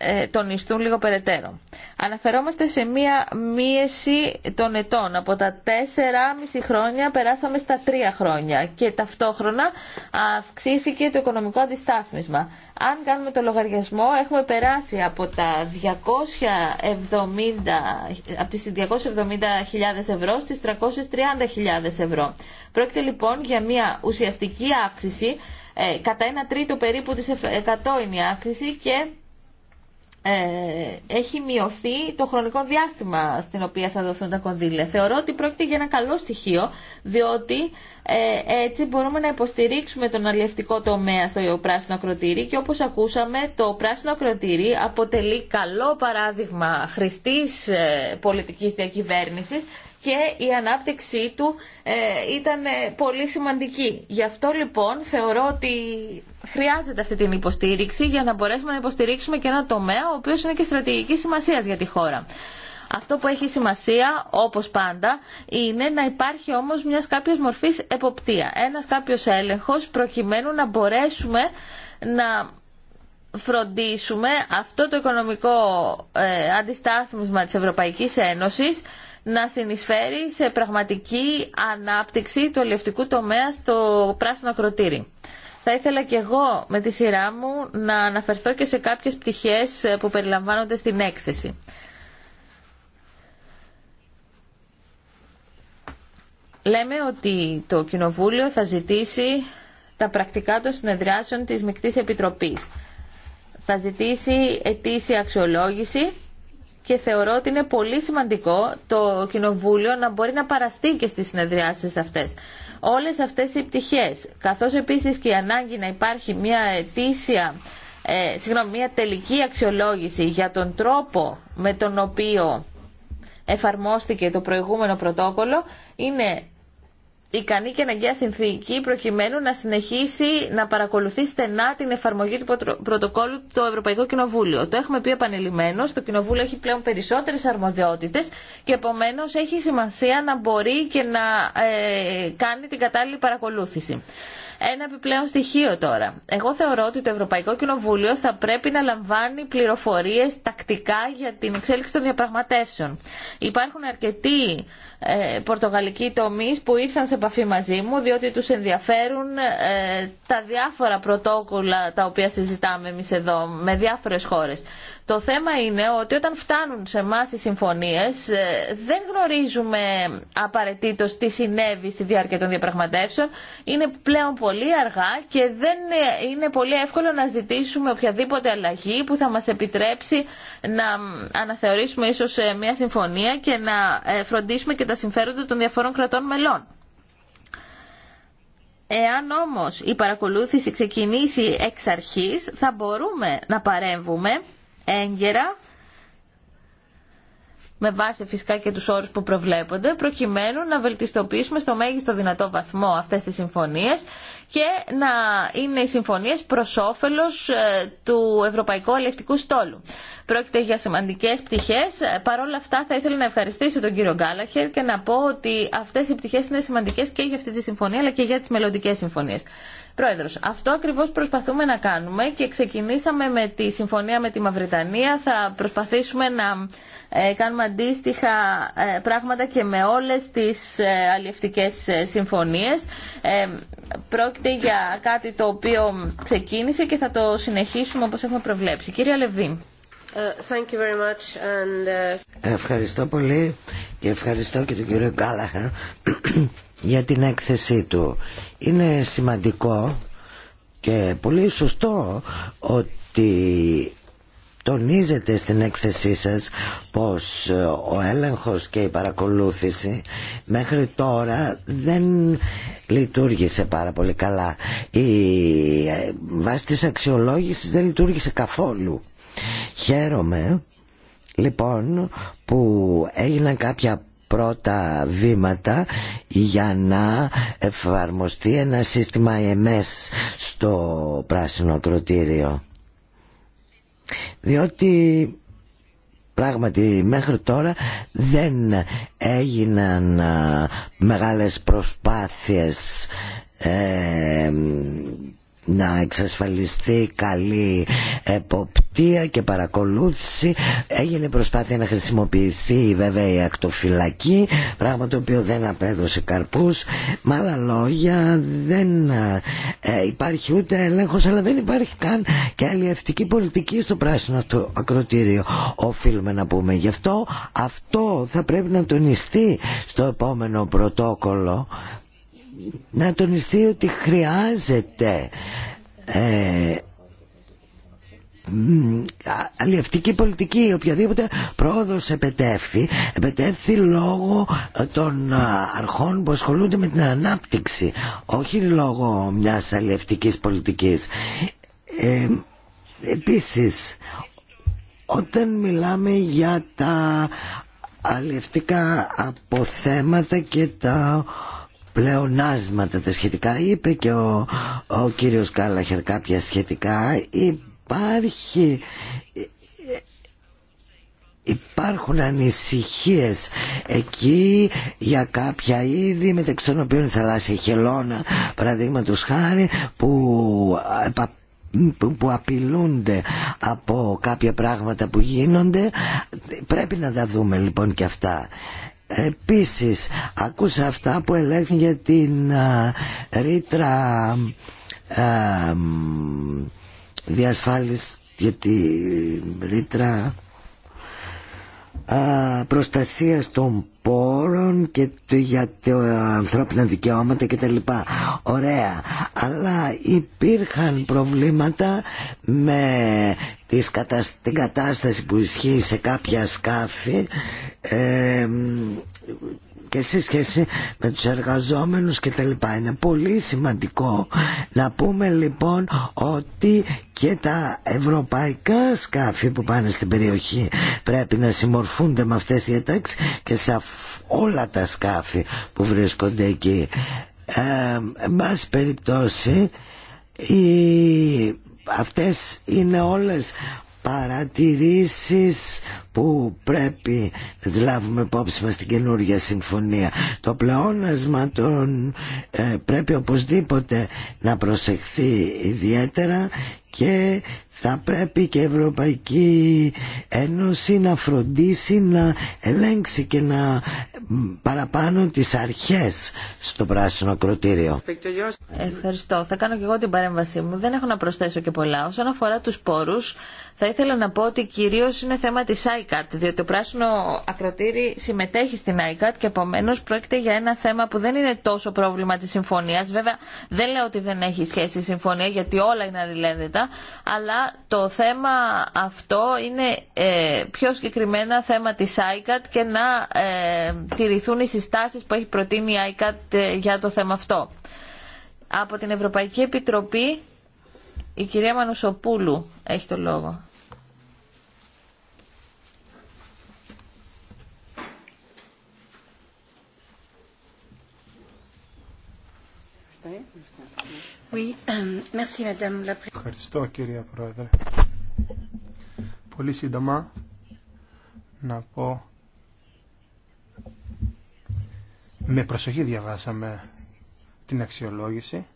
ε, τονιστούν λίγο περαιτέρω. Αναφερόμαστε σε μία μίεση των ετών. Από τα 4,5 χρόνια περάσαμε στα 3 χρόνια και ταυτόχρονα αυξήθηκε το οικονομικό αντιστάθμισμα. Αν κάνουμε το λογαριασμό έχουμε περάσει από, τα 270, από τις 270.000 ευρώ στις 330.000 ευρώ. Πρόκειται λοιπόν για μία ουσιαστική αύξηση, ε, κατά ένα τρίτο περίπου της 100 είναι η αύξηση και ε, έχει μειωθεί το χρονικό διάστημα στην οποία θα δοθούν τα κονδύλια. Θεωρώ ότι πρόκειται για ένα καλό στοιχείο, διότι ε, έτσι μπορούμε να υποστηρίξουμε τον αλλιευτικό τομέα στο πράσινο ακροτήρι και όπως ακούσαμε το πράσινο ακροτήρι αποτελεί καλό παράδειγμα χρηστής ε, πολιτικής διακυβέρνησης και η ανάπτυξή του ε, ήταν ε, πολύ σημαντική. Γι' αυτό λοιπόν θεωρώ ότι χρειάζεται αυτή την υποστήριξη για να μπορέσουμε να υποστηρίξουμε και ένα τομέα ο οποίος είναι και στρατηγική σημασίας για τη χώρα. Αυτό που έχει σημασία, όπως πάντα, είναι να υπάρχει όμως μιας κάποιος μορφής εποπτεία. Ένας κάποιος έλεγχος προκειμένου να μπορέσουμε να φροντίσουμε αυτό το οικονομικό ε, αντιστάθμισμα της Ευρωπαϊκής Ένωσης να συνεισφέρει σε πραγματική ανάπτυξη του ελευτικού τομέα στο πράσινο ακροτήρι. Θα ήθελα και εγώ με τη σειρά μου να αναφερθώ και σε κάποιες πτυχές ε, που περιλαμβάνονται στην έκθεση. Λέμε ότι το Κοινοβούλιο θα ζητήσει τα πρακτικά των συνεδριάσεων της Μικτής Επιτροπής. Θα ζητήσει ετήσια αξιολόγηση και θεωρώ ότι είναι πολύ σημαντικό το Κοινοβούλιο να μπορεί να παραστεί και στις συνεδριάσεις αυτές. Όλες αυτές οι πτυχές, καθώς επίσης και η ανάγκη να υπάρχει μια αιτήσια, ε, συγγνώμη, μια τελική αξιολόγηση για τον τρόπο με τον οποίο εφαρμόστηκε το προηγούμενο πρωτόκολλο, είναι ικανή και αναγκαία συνθήκη προκειμένου να συνεχίσει να παρακολουθεί στενά την εφαρμογή του πρωτοκόλλου του Ευρωπαϊκό Κοινοβούλιο. Το έχουμε πει επανειλημμένω, το Κοινοβούλιο έχει πλέον περισσότερες αρμοδιότητες και επομένω έχει σημασία να μπορεί και να ε, κάνει την κατάλληλη παρακολούθηση ένα επιπλέον στοιχείο τώρα. Εγώ θεωρώ ότι το Ευρωπαϊκό Κοινοβούλιο θα πρέπει να λαμβάνει πληροφορίε τακτικά για την εξέλιξη των διαπραγματεύσεων. Υπάρχουν αρκετοί ε, πορτογαλικοί τομεί που ήρθαν σε επαφή μαζί μου διότι του ενδιαφέρουν ε, τα διάφορα πρωτόκολλα τα οποία συζητάμε εμεί εδώ με διάφορε χώρε. Το θέμα είναι ότι όταν φτάνουν σε εμά οι συμφωνίε ε, δεν γνωρίζουμε απαραίτητο τι συνέβη στη διάρκεια των διαπραγματεύσεων. Είναι πλέον πολύ αργά και δεν ε, είναι πολύ εύκολο να ζητήσουμε οποιαδήποτε αλλαγή που θα μας επιτρέψει να αναθεωρήσουμε ίσως ε, μια συμφωνία και να φροντίσουμε και τα συμφέροντα των διαφορών κρατών μελών. Εάν όμως η παρακολούθηση ξεκινήσει εξ αρχής, θα μπορούμε να παρέμβουμε έγκαιρα με βάση φυσικά και τους όρους που προβλέπονται, προκειμένου να βελτιστοποιήσουμε στο μέγιστο δυνατό βαθμό αυτές τις συμφωνίες και να είναι οι συμφωνίες προς όφελος ε, του Ευρωπαϊκού Αλληλευτικού Στόλου. Πρόκειται για σημαντικές πτυχές. Ε, Παρ' όλα αυτά θα ήθελα να ευχαριστήσω τον κύριο Γκάλαχερ και να πω ότι αυτές οι πτυχές είναι σημαντικές και για αυτή τη συμφωνία αλλά και για τις μελλοντικέ συμφωνίες. Πρόεδρος, αυτό ακριβώς προσπαθούμε να κάνουμε και ξεκινήσαμε με τη συμφωνία με τη Μαυριτανία. Θα προσπαθήσουμε να ε, κάνουμε αντίστοιχα ε, πράγματα και με όλες τις ε, αλλιευτικές συμφωνίες. Πρόκειται για κάτι το οποίο ξεκίνησε και θα το συνεχίσουμε όπως έχουμε προβλέψει. Κύριε Λεβίν. Ευχαριστώ πολύ και ευχαριστώ και τον κύριο Γκάλαχερ για την έκθεσή του. Είναι σημαντικό και πολύ σωστό ότι τονίζετε στην έκθεσή σας πως ο έλεγχος και η παρακολούθηση μέχρι τώρα δεν λειτουργήσε πάρα πολύ καλά. Η ε, βάση της αξιολόγησης δεν λειτουργήσε καθόλου. Χαίρομαι λοιπόν που έγιναν κάποια πρώτα βήματα για να εφαρμοστεί ένα σύστημα ΕΜΕΣ στο πράσινο κροτήριο. Διότι πράγματι μέχρι τώρα δεν έγιναν μεγάλες προσπάθειες ε, να εξασφαλιστεί καλή εποπτεία και παρακολούθηση. Έγινε προσπάθεια να χρησιμοποιηθεί βέβαια η ακτοφυλακή, πράγμα το οποίο δεν απέδωσε καρπούς. Με άλλα λόγια δεν ε, υπάρχει ούτε έλεγχος αλλά δεν υπάρχει καν και αλλιευτική πολιτική στο πράσινο αυτό ακροτήριο. Οφείλουμε να πούμε γι' αυτό. Αυτό θα πρέπει να τονιστεί στο επόμενο πρωτόκολλο να τονιστεί ότι χρειάζεται ε, αλληλευτική πολιτική οποιαδήποτε πρόοδος επετεύθει επετεύθει λόγω των αρχών που ασχολούνται με την ανάπτυξη όχι λόγω μιας αλληλευτικής πολιτικής ε, επίσης όταν μιλάμε για τα αλληλευτικά αποθέματα και τα πλεονάσματα τα σχετικά. Είπε και ο, ο κύριος Κάλαχερ κάποια σχετικά. Υπάρχει υπάρχουν ανησυχίες εκεί για κάποια είδη μεταξύ των οποίων η θαλάσσια χελώνα παραδείγματο χάρη που, που απειλούνται από κάποια πράγματα που γίνονται πρέπει να τα δούμε λοιπόν και αυτά Επίσης, άκουσα αυτά που ελέγχουν για την α, ρήτρα διασφάλιση, για ρήτρα προστασίας των πόρων και για τα ε, ανθρώπινα δικαιώματα κτλ. Ωραία. Αλλά υπήρχαν προβλήματα με την κατάσταση που ισχύει σε κάποια σκάφη ε, και σε σχέση με τους εργαζόμενους και τα λοιπά. Είναι πολύ σημαντικό να πούμε λοιπόν ότι και τα ευρωπαϊκά σκάφη που πάνε στην περιοχή πρέπει να συμμορφούνται με αυτές τις διατάξεις και σε όλα τα σκάφη που βρίσκονται εκεί. Ε, περιπτώσει η αυτές είναι όλες παρατηρήσεις που πρέπει να λάβουμε υπόψη μας στην καινούργια συμφωνία. Το πλεόνασμα των, ε, πρέπει οπωσδήποτε να προσεχθεί ιδιαίτερα και θα πρέπει και η Ευρωπαϊκή Ένωση να φροντίσει να ελέγξει και να παραπάνω τις αρχές στο πράσινο ακροτήριο. Ευχαριστώ. Θα κάνω και εγώ την παρέμβασή μου. Δεν έχω να προσθέσω και πολλά. Όσον αφορά τους πόρους, θα ήθελα να πω ότι κυρίως είναι θέμα της ICAT, διότι το πράσινο ακροτήρι συμμετέχει στην ICAT και επομένω πρόκειται για ένα θέμα που δεν είναι τόσο πρόβλημα της συμφωνίας. Βέβαια δεν λέω ότι δεν έχει σχέση η συμφωνία γιατί όλα είναι αλληλένδετα, αλλά το θέμα αυτό είναι ε, πιο συγκεκριμένα θέμα της ICAT και να ε, τηρηθούν οι συστάσεις που έχει προτείνει η ICAT ε, για το θέμα αυτό. Από την Ευρωπαϊκή Επιτροπή η κυρία Μανουσοπούλου έχει το λόγο. Ευχαριστώ κυρία Πρόεδρε. Πολύ σύντομα να πω με προσοχή διαβάσαμε την αξιολόγηση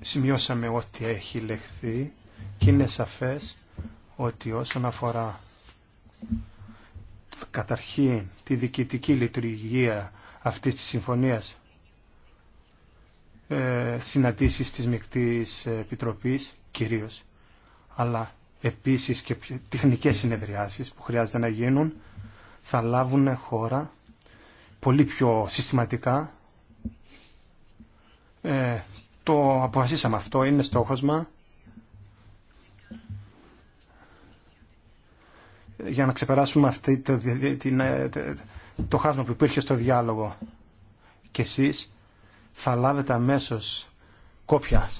σημειώσαμε ό,τι έχει λεχθεί και είναι σαφές ότι όσον αφορά καταρχήν τη διοικητική λειτουργία αυτής της συμφωνίας ε, συναντήσεις της Μικτής Επιτροπής κυρίως, αλλά επίσης και τεχνικές συνεδριάσεις που χρειάζεται να γίνουν θα λάβουν χώρα πολύ πιο συστηματικά. Ε, το αποφασίσαμε αυτό, είναι στόχος μας για να ξεπεράσουμε αυτή το, την, ε, το χάσμα που υπήρχε στο διάλογο. Και εσείς θα λάβετε αμέσω κόπια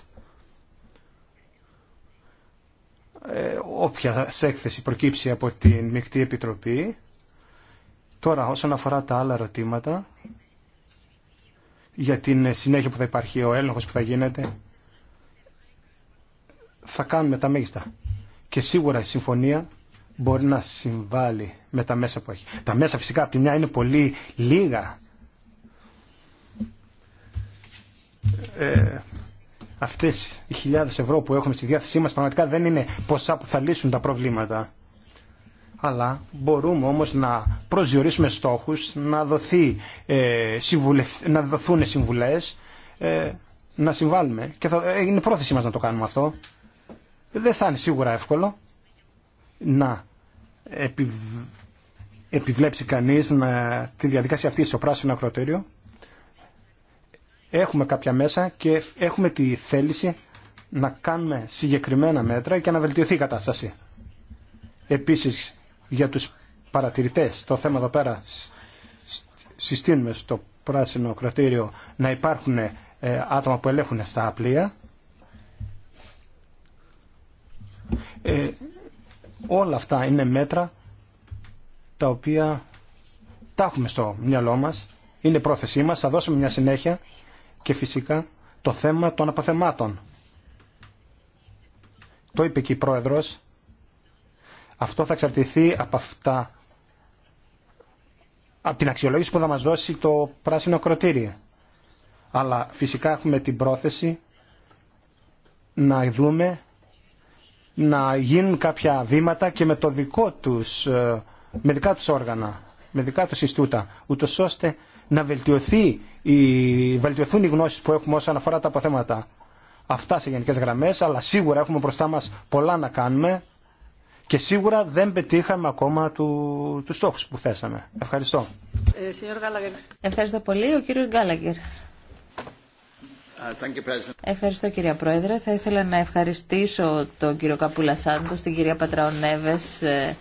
ε, όποια έκθεση προκύψει από την Μικτή Επιτροπή. Τώρα, όσον αφορά τα άλλα ερωτήματα, για την συνέχεια που θα υπάρχει, ο έλεγχος που θα γίνεται, θα κάνουμε τα μέγιστα. Και σίγουρα η συμφωνία μπορεί να συμβάλλει με τα μέσα που έχει. Τα μέσα φυσικά από τη μια είναι πολύ λίγα. Ε, αυτές οι χιλιάδες ευρώ που έχουμε στη διάθεσή μας πραγματικά δεν είναι ποσά που θα λύσουν τα προβλήματα. Αλλά μπορούμε όμως να προσδιορίσουμε στόχους, να, δοθεί, ε, δοθούν συμβουλές, ε, να συμβάλλουμε. Και θα, ε, είναι πρόθεσή μας να το κάνουμε αυτό. Δεν θα είναι σίγουρα εύκολο, να επιβλέψει κανείς να, τη διαδικασία αυτή στο πράσινο ακροτήριο. Έχουμε κάποια μέσα και έχουμε τη θέληση να κάνουμε συγκεκριμένα μέτρα και να βελτιωθεί η κατάσταση. Επίσης, για τους παρατηρητές, το θέμα εδώ πέρα συστήνουμε στο πράσινο κρατήριο να υπάρχουν ε, άτομα που ελέγχουν στα απλία. Ε, Όλα αυτά είναι μέτρα τα οποία τα έχουμε στο μυαλό μας, είναι πρόθεσή μας, θα δώσουμε μια συνέχεια και φυσικά το θέμα των αποθεμάτων. Το είπε και η Πρόεδρος, αυτό θα εξαρτηθεί από αυτά, από την αξιολόγηση που θα μας δώσει το πράσινο κροτήριο. Αλλά φυσικά έχουμε την πρόθεση να δούμε να γίνουν κάποια βήματα και με, το δικό τους, ε, με δικά τους όργανα, με δικά τους ιστούτα, ούτως ώστε να βελτιωθεί οι, βελτιωθούν οι γνώσεις που έχουμε όσον αφορά τα αποθέματα. Αυτά σε γενικές γραμμές, αλλά σίγουρα έχουμε μπροστά μας πολλά να κάνουμε και σίγουρα δεν πετύχαμε ακόμα του, τους στόχους που θέσαμε. Ευχαριστώ. Ε, Ευχαριστώ πολύ. Ο κύριος Γκάλαγκερ. Ευχαριστώ κυρία Πρόεδρε. Θα ήθελα να ευχαριστήσω τον κύριο Καπούλα Σάντος, την κυρία Πατραονέβες ε,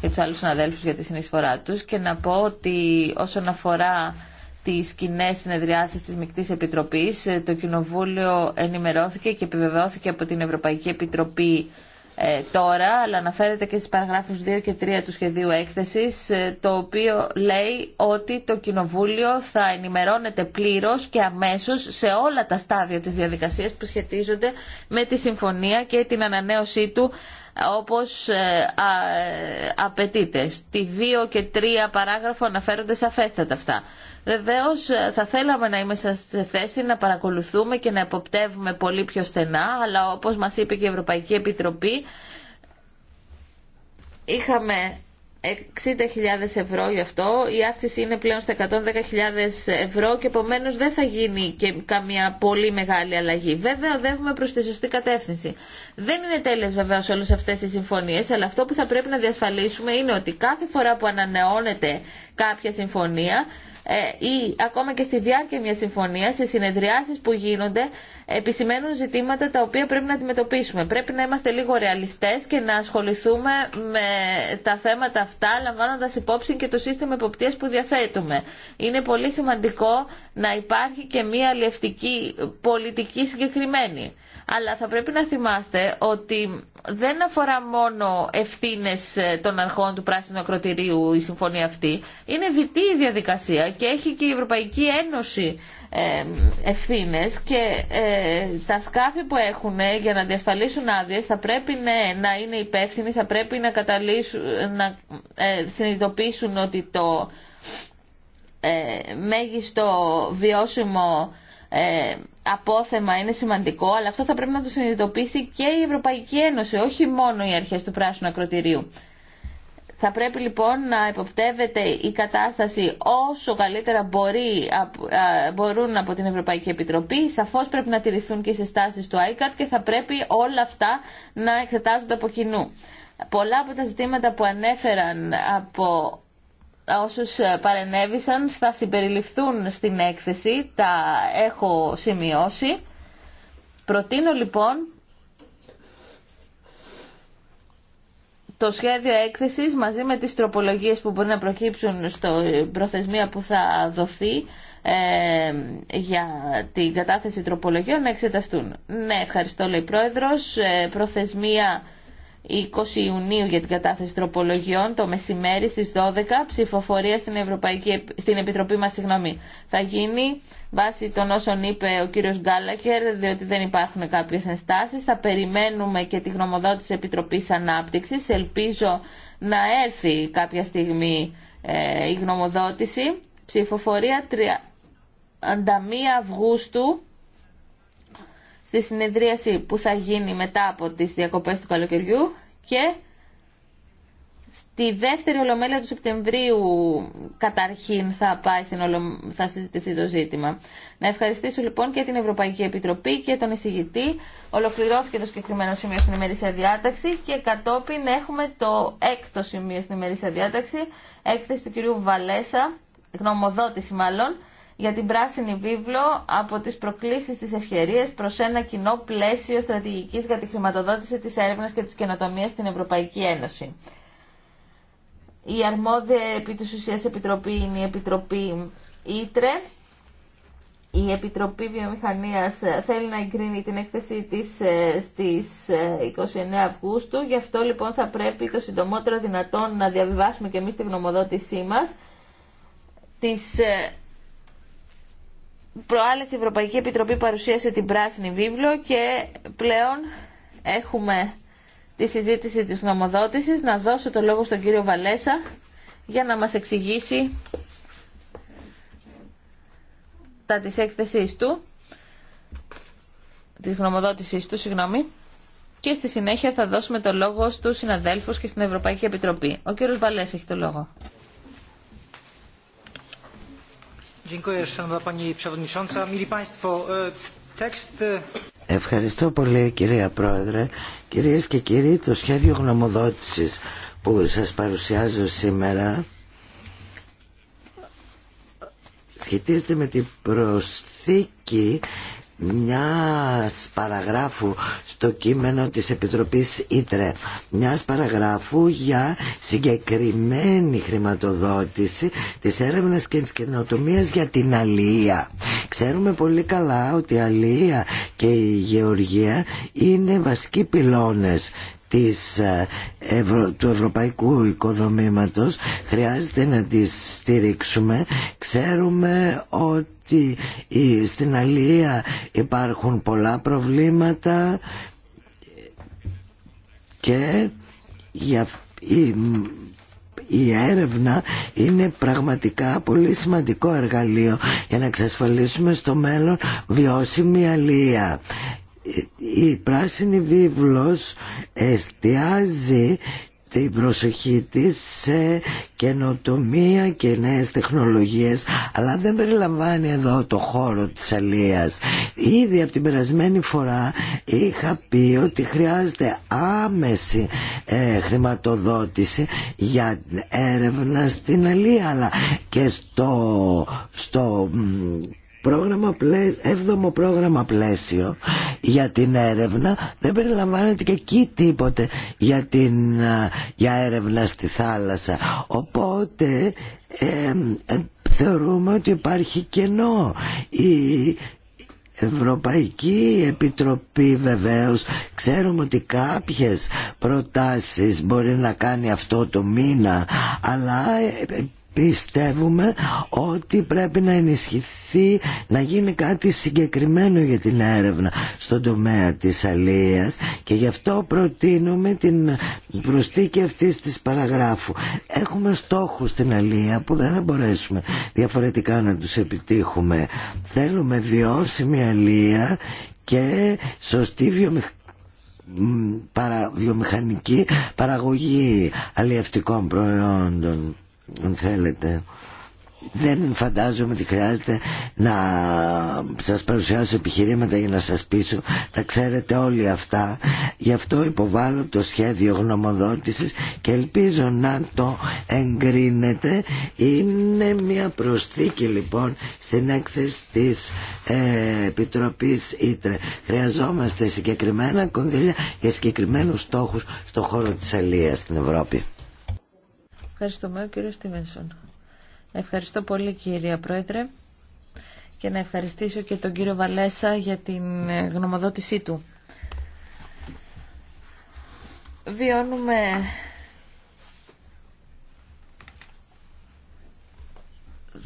και τους άλλους συναδέλφους για τη συνεισφορά τους και να πω ότι όσον αφορά τις κοινέ συνεδριάσεις της Μικτής Επιτροπής, ε, το Κοινοβούλιο ενημερώθηκε και επιβεβαιώθηκε από την Ευρωπαϊκή Επιτροπή ε, τώρα, αλλά αναφέρεται και στις παραγράφους 2 και 3 του σχεδίου έκθεσης, ε, το οποίο λέει ότι το Κοινοβούλιο θα ενημερώνεται πλήρως και αμέσως σε όλα τα στάδια της διαδικασίας που σχετίζονται με τη συμφωνία και την ανανέωσή του όπως ε, απαιτείται. Στη 2 και 3 παράγραφο αναφέρονται σαφέστατα αυτά. Βεβαίω θα θέλαμε να είμαστε σε θέση να παρακολουθούμε και να εποπτεύουμε πολύ πιο στενά, αλλά όπω μα είπε και η Ευρωπαϊκή Επιτροπή, είχαμε 60.000 ευρώ γι' αυτό, η αύξηση είναι πλέον στα 110.000 ευρώ και επομένω δεν θα γίνει και καμία πολύ μεγάλη αλλαγή. Βέβαια οδεύουμε προς τη σωστή κατεύθυνση. Δεν είναι τέλειες βεβαίω όλες αυτές οι συμφωνίες, αλλά αυτό που θα πρέπει να διασφαλίσουμε είναι ότι κάθε φορά που ανανεώνεται κάποια συμφωνία ε, ή ακόμα και στη διάρκεια μια συμφωνία σε συνεδριάσεις που γίνονται επισημαίνουν ζητήματα τα οποία πρέπει να αντιμετωπίσουμε. Πρέπει να είμαστε λίγο ρεαλιστέ και να ασχοληθούμε με τα θέματα αυτά, λαμβάνοντα υπόψη και το σύστημα υποπτία που διαθέτουμε. Είναι πολύ σημαντικό να υπάρχει και μια αλληλευτική πολιτική συγκεκριμένη αλλά θα πρέπει να θυμάστε ότι δεν αφορά μόνο ευθύνε ε, των αρχών του Πράσινου Ακροτηρίου η συμφωνία αυτή. Είναι δυτή η διαδικασία και έχει και η Ευρωπαϊκή Ένωση ε, ευθύνε και ε, τα σκάφη που έχουν για να διασφαλίσουν άδειε θα πρέπει ναι, να είναι υπεύθυνοι, θα πρέπει να, να συνειδητοποιήσουν ότι το μέγιστο βιώσιμο απόθεμα είναι σημαντικό, αλλά αυτό θα πρέπει να το συνειδητοποιήσει και η Ευρωπαϊκή Ένωση, όχι μόνο οι αρχές του πράσινου ακροτηρίου. Θα πρέπει λοιπόν να υποπτεύεται η κατάσταση όσο καλύτερα μπορεί, μπορούν από την Ευρωπαϊκή Επιτροπή. Σαφώς πρέπει να τηρηθούν και οι συστάσεις του ICAT και θα πρέπει όλα αυτά να εξετάζονται από κοινού. Πολλά από τα ζητήματα που ανέφεραν από όσους ε, παρενέβησαν θα συμπεριληφθούν στην έκθεση, τα έχω σημειώσει. Προτείνω λοιπόν το σχέδιο έκθεσης μαζί με τις τροπολογίες που μπορεί να προκύψουν στο ε, προθεσμία που θα δοθεί ε, για την κατάθεση τροπολογιών να εξεταστούν. Ναι, ευχαριστώ λέει Πρόεδρος. προθεσμία 20 Ιουνίου για την κατάθεση τροπολογιών το μεσημέρι στις 12 ψηφοφορία στην, Ευρωπαϊκή, στην Επιτροπή μας συγγνώμη. Θα γίνει βάσει των όσων είπε ο κύριος Γκάλακερ διότι δεν υπάρχουν κάποιες ενστάσεις. Θα περιμένουμε και τη γνωμοδότηση Επιτροπής Ανάπτυξης. Ελπίζω να έρθει κάποια στιγμή ε, η γνωμοδότηση. Ψηφοφορία 31 Αυγούστου στη συνεδρίαση που θα γίνει μετά από τις διακοπές του καλοκαιριού και στη δεύτερη ολομέλεια του Σεπτεμβρίου καταρχήν θα, πάει στην θα συζητηθεί το ζήτημα. Να ευχαριστήσω λοιπόν και την Ευρωπαϊκή Επιτροπή και τον εισηγητή. Ολοκληρώθηκε το συγκεκριμένο σημείο στην ημερήσια διάταξη και κατόπιν έχουμε το έκτο σημείο στην ημερήσια διάταξη, έκθεση του κυρίου Βαλέσα, γνωμοδότηση μάλλον, για την πράσινη βίβλο από τις προκλήσεις της ευκαιρίας προς ένα κοινό πλαίσιο στρατηγικής για τη χρηματοδότηση της έρευνας και της καινοτομίας στην Ευρωπαϊκή Ένωση. Η αρμόδια επί της ουσίας επιτροπή είναι η Επιτροπή Ήτρε. Η Επιτροπή Βιομηχανίας θέλει να εγκρίνει την έκθεσή της ε, στις 29 ε, Αυγούστου. Γι' αυτό λοιπόν θα πρέπει το συντομότερο δυνατόν να διαβιβάσουμε και εμείς τη γνωμοδότησή μας. Τις ε, προάλλες η Ευρωπαϊκή Επιτροπή παρουσίασε την πράσινη βίβλο και πλέον έχουμε τη συζήτηση της γνωμοδότησης. Να δώσω το λόγο στον κύριο Βαλέσα για να μας εξηγήσει τα της έκθεσής του, της γνωμοδότησής του, συγγνώμη, και στη συνέχεια θα δώσουμε το λόγο στους συναδέλφους και στην Ευρωπαϊκή Επιτροπή. Ο κύριος Βαλέσα έχει το λόγο. E, e, Ευχαριστώ πολύ κυρία Πρόεδρε. Κυρίες και κύριοι, το σχέδιο γνωμοδότησης που σας παρουσιάζω σήμερα σχετίζεται με την προσθήκη μια παραγράφου στο κείμενο της Επιτροπής Ήτρε μιας παραγράφου για συγκεκριμένη χρηματοδότηση της έρευνας και της καινοτομίας για την αλία ξέρουμε πολύ καλά ότι η αλία και η γεωργία είναι βασικοί πυλώνες της, ε, του ευρωπαϊκού οικοδομήματος χρειάζεται να τη στηρίξουμε ξέρουμε ότι στην Αλία υπάρχουν πολλά προβλήματα και η, η έρευνα είναι πραγματικά πολύ σημαντικό εργαλείο για να εξασφαλίσουμε στο μέλλον βιώσιμη αλία η πράσινη βίβλος εστιάζει την προσοχή της σε καινοτομία και νέες τεχνολογίες αλλά δεν περιλαμβάνει εδώ το χώρο της αλίας ήδη από την περασμένη φορά είχα πει ότι χρειάζεται άμεση ε, χρηματοδότηση για έρευνα στην αλία αλλά και στο, στο πρόγραμμα πλαίσιο, έβδομο πρόγραμμα πλαίσιο για την έρευνα δεν περιλαμβάνεται και εκεί τίποτε για, την, για έρευνα στη θάλασσα. Οπότε ε, θεωρούμε ότι υπάρχει κενό. Η, Ευρωπαϊκή Επιτροπή βεβαίως ξέρουμε ότι κάποιες προτάσεις μπορεί να κάνει αυτό το μήνα αλλά ε, πιστεύουμε ότι πρέπει να ενισχυθεί, να γίνει κάτι συγκεκριμένο για την έρευνα στον τομέα της αλίας και γι' αυτό προτείνουμε την προσθήκη αυτής της παραγράφου. Έχουμε στόχους στην αλία που δεν θα μπορέσουμε διαφορετικά να τους επιτύχουμε. Θέλουμε βιώσιμη αλία και σωστή βιομηχανική παραγωγή αλλιευτικών προϊόντων αν θέλετε. Δεν φαντάζομαι ότι χρειάζεται να σας παρουσιάσω επιχειρήματα για να σας πείσω. Τα ξέρετε όλοι αυτά. Γι' αυτό υποβάλλω το σχέδιο γνωμοδότησης και ελπίζω να το εγκρίνετε. Είναι μια προσθήκη λοιπόν στην έκθεση της ε, Επιτροπής Ήτρε. Χρειαζόμαστε συγκεκριμένα κονδύλια για συγκεκριμένους στόχους στον χώρο της Αλίας στην Ευρώπη. Ευχαριστούμε, κύριος Ευχαριστώ πολύ, κύριε Πρόεδρε, και να ευχαριστήσω και τον κύριο Βαλέσα για την ε, γνωμοδότησή του. Βιώνουμε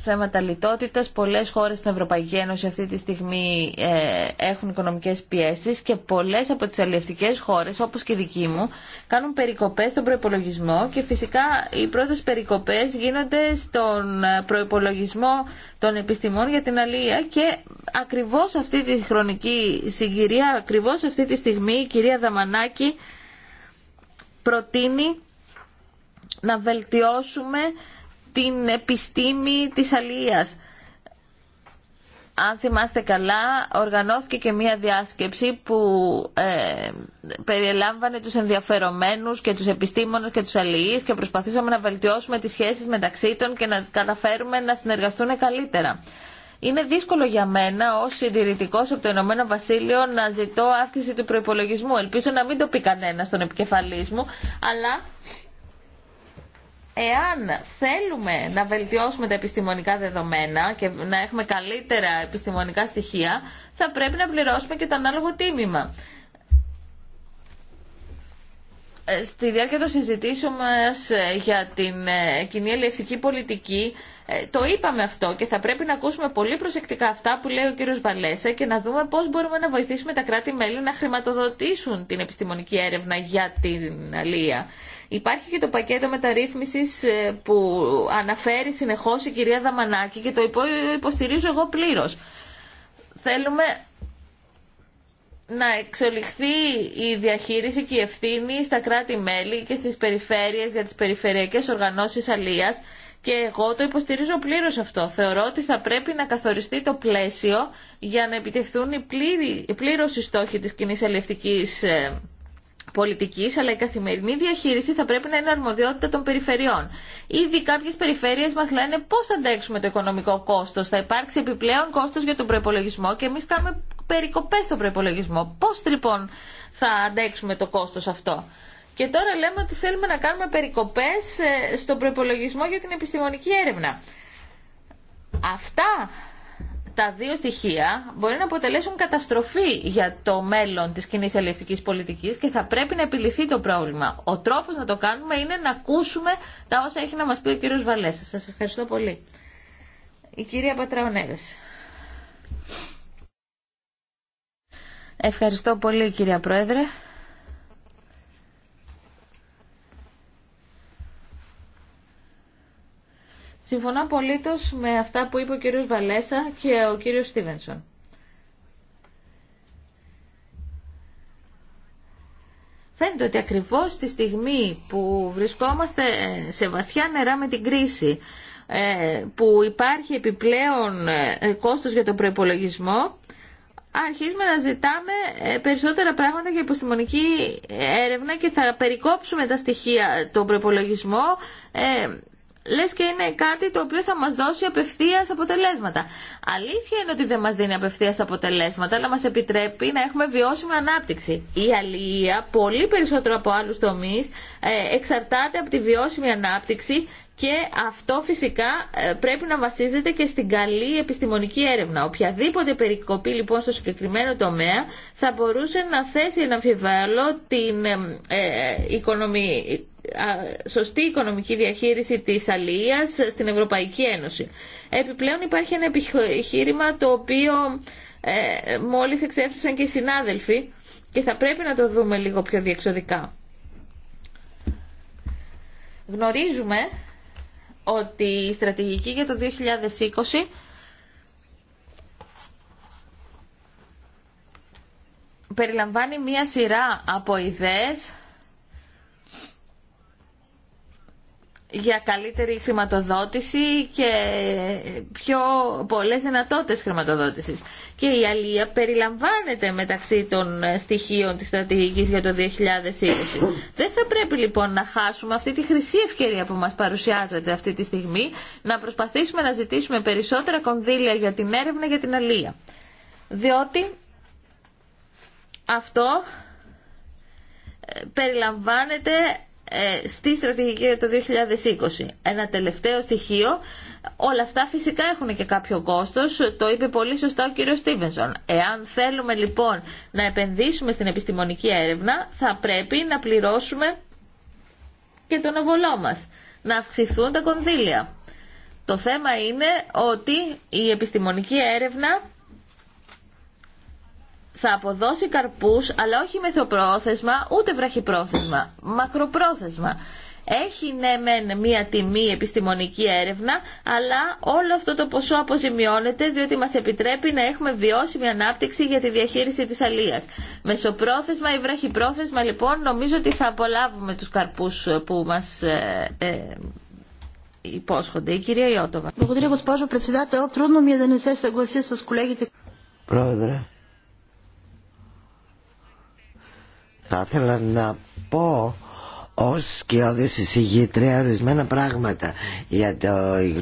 θέματα λιτότητα. Πολλές χώρες στην Ευρωπαϊκή Ένωση αυτή τη στιγμή ε, έχουν οικονομικές πιέσεις και πολλές από τις αλληλευτικέ χώρες, όπως και η δική μου, κάνουν περικοπές στον προπολογισμό και φυσικά οι πρώτες περικοπές γίνονται στον προπολογισμό των επιστημών για την αλληλεία και ακριβώς αυτή τη χρονική συγκυρία, ακριβώ αυτή τη στιγμή η κυρία Δαμανάκη προτείνει να βελτιώσουμε την επιστήμη της αλίας. Αν θυμάστε καλά, οργανώθηκε και μία διάσκεψη που ε, περιελάμβανε τους ενδιαφερομένους και τους επιστήμονες και τους αλληλείς και προσπαθήσαμε να βελτιώσουμε τις σχέσεις μεταξύ των και να καταφέρουμε να συνεργαστούν καλύτερα. Είναι δύσκολο για μένα ως συντηρητικό από το Ηνωμένο Βασίλειο να ζητώ αύξηση του προϋπολογισμού. Ελπίζω να μην το πει κανένα στον επικεφαλής μου, αλλά εάν θέλουμε να βελτιώσουμε τα επιστημονικά δεδομένα και να έχουμε καλύτερα επιστημονικά στοιχεία, θα πρέπει να πληρώσουμε και το ανάλογο τίμημα. Ε, στη διάρκεια των συζητήσεων μας ε, για την ε, κοινή ελευθερική πολιτική, το είπαμε αυτό και θα πρέπει να ακούσουμε πολύ προσεκτικά αυτά που λέει ο κύριος Βαλέσα και να δούμε πώς μπορούμε να βοηθήσουμε τα κράτη-μέλη να χρηματοδοτήσουν την επιστημονική έρευνα για την αλία. Υπάρχει και το πακέτο μεταρρύθμισης ε, που αναφέρει συνεχώς η κυρία Δαμανάκη και το υποστηρίζω εγώ πλήρως. Θέλουμε να εξελιχθεί η διαχείριση και η ευθύνη στα κράτη-μέλη και στις περιφέρειες για τις περιφερειακές οργανώσεις αλίας και εγώ το υποστηρίζω πλήρως αυτό. Θεωρώ ότι θα πρέπει να καθοριστεί το πλαίσιο για να επιτευχθούν οι πλήρω οι στόχοι της κοινή αλληλευτικής ε, αλλά η καθημερινή διαχείριση θα πρέπει να είναι αρμοδιότητα των περιφερειών. Ήδη κάποιες περιφέρειες μας λένε πώς θα αντέξουμε το οικονομικό κόστος, θα υπάρξει επιπλέον κόστος για τον προπολογισμό και εμείς κάνουμε περικοπές στον προπολογισμό. Πώς λοιπόν θα αντέξουμε το κόστος αυτό. Και τώρα λέμε ότι θέλουμε να κάνουμε περικοπέ ε, στον προπολογισμό για την επιστημονική έρευνα. Αυτά τα δύο στοιχεία μπορεί να αποτελέσουν καταστροφή για το μέλλον της κοινή ελευθερικής πολιτικής και θα πρέπει να επιληθεί το πρόβλημα. Ο τρόπος να το κάνουμε είναι να ακούσουμε τα όσα έχει να μας πει ο κύριος Βαλέσσα. Σας ευχαριστώ πολύ. Η κυρία Πατραονέβες. Ευχαριστώ πολύ κυρία Πρόεδρε. Συμφωνώ πολύ με αυτά που είπε ο κύριος Βαλέσα και ο κύριος Στίβενσον. Φαίνεται ότι ακριβώς τη στιγμή που βρισκόμαστε ε, σε βαθιά νερά με την κρίση, ε, που υπάρχει επιπλέον ε, κόστος για τον προϋπολογισμό, αρχίζουμε να ζητάμε περισσότερα πράγματα για υποστημονική έρευνα και θα περικόψουμε τα στοιχεία, τον προπολογισμό λες και είναι κάτι το οποίο θα μας δώσει απευθείας αποτελέσματα. Αλήθεια είναι ότι δεν μας δίνει απευθείας αποτελέσματα, αλλά μας επιτρέπει να έχουμε βιώσιμη ανάπτυξη. Η αλληλεία, πολύ περισσότερο από άλλους τομείς, ε, εξαρτάται από τη βιώσιμη ανάπτυξη και αυτό φυσικά ε, πρέπει να βασίζεται και στην καλή επιστημονική έρευνα. Οποιαδήποτε περικοπή λοιπόν στο συγκεκριμένο τομέα θα μπορούσε να θέσει ένα αμφιβάλλο την ε, ε οικονομική σωστή οικονομική διαχείριση της αλληλείας στην Ευρωπαϊκή Ένωση. Επιπλέον υπάρχει ένα επιχείρημα το οποίο ε, μόλις και οι συνάδελφοι και θα πρέπει να το δούμε λίγο πιο διεξοδικά. Γνωρίζουμε ότι η στρατηγική για το 2020 περιλαμβάνει μία σειρά από ιδέες για καλύτερη χρηματοδότηση και πιο πολλές δυνατότητες χρηματοδότησης. Και η αλία περιλαμβάνεται μεταξύ των στοιχείων της στρατηγικής για το 2020. Δεν θα πρέπει λοιπόν να χάσουμε αυτή τη χρυσή ευκαιρία που μας παρουσιάζεται αυτή τη στιγμή να προσπαθήσουμε να ζητήσουμε περισσότερα κονδύλια για την έρευνα για την αλία. Διότι αυτό ε, περιλαμβάνεται ε, στη στρατηγική το 2020. Ένα τελευταίο στοιχείο. Όλα αυτά φυσικά έχουν και κάποιο κόστος, το είπε πολύ σωστά ο κύριος Στίβενσον. Εάν θέλουμε λοιπόν να επενδύσουμε στην επιστημονική έρευνα, θα πρέπει να πληρώσουμε και τον οβολό μας, να αυξηθούν τα κονδύλια. Το θέμα είναι ότι η επιστημονική έρευνα θα αποδώσει καρπούς, αλλά όχι μεθοπρόθεσμα, ούτε βραχυπρόθεσμα, μακροπρόθεσμα. Έχει ναι μεν μία τιμή επιστημονική έρευνα, αλλά όλο αυτό το ποσό αποζημιώνεται διότι μας επιτρέπει να έχουμε βιώσιμη ανάπτυξη για τη διαχείριση της αλίας. Μεσοπρόθεσμα ή βραχυπρόθεσμα λοιπόν νομίζω ότι θα απολαύουμε τους καρπούς που μας ε, ε, υπόσχονται. Η κυρία Ιώτοβα. Πρόεδρε, Θα ήθελα να πω ως και εισηγήτρια ορισμένα πράγματα για το, η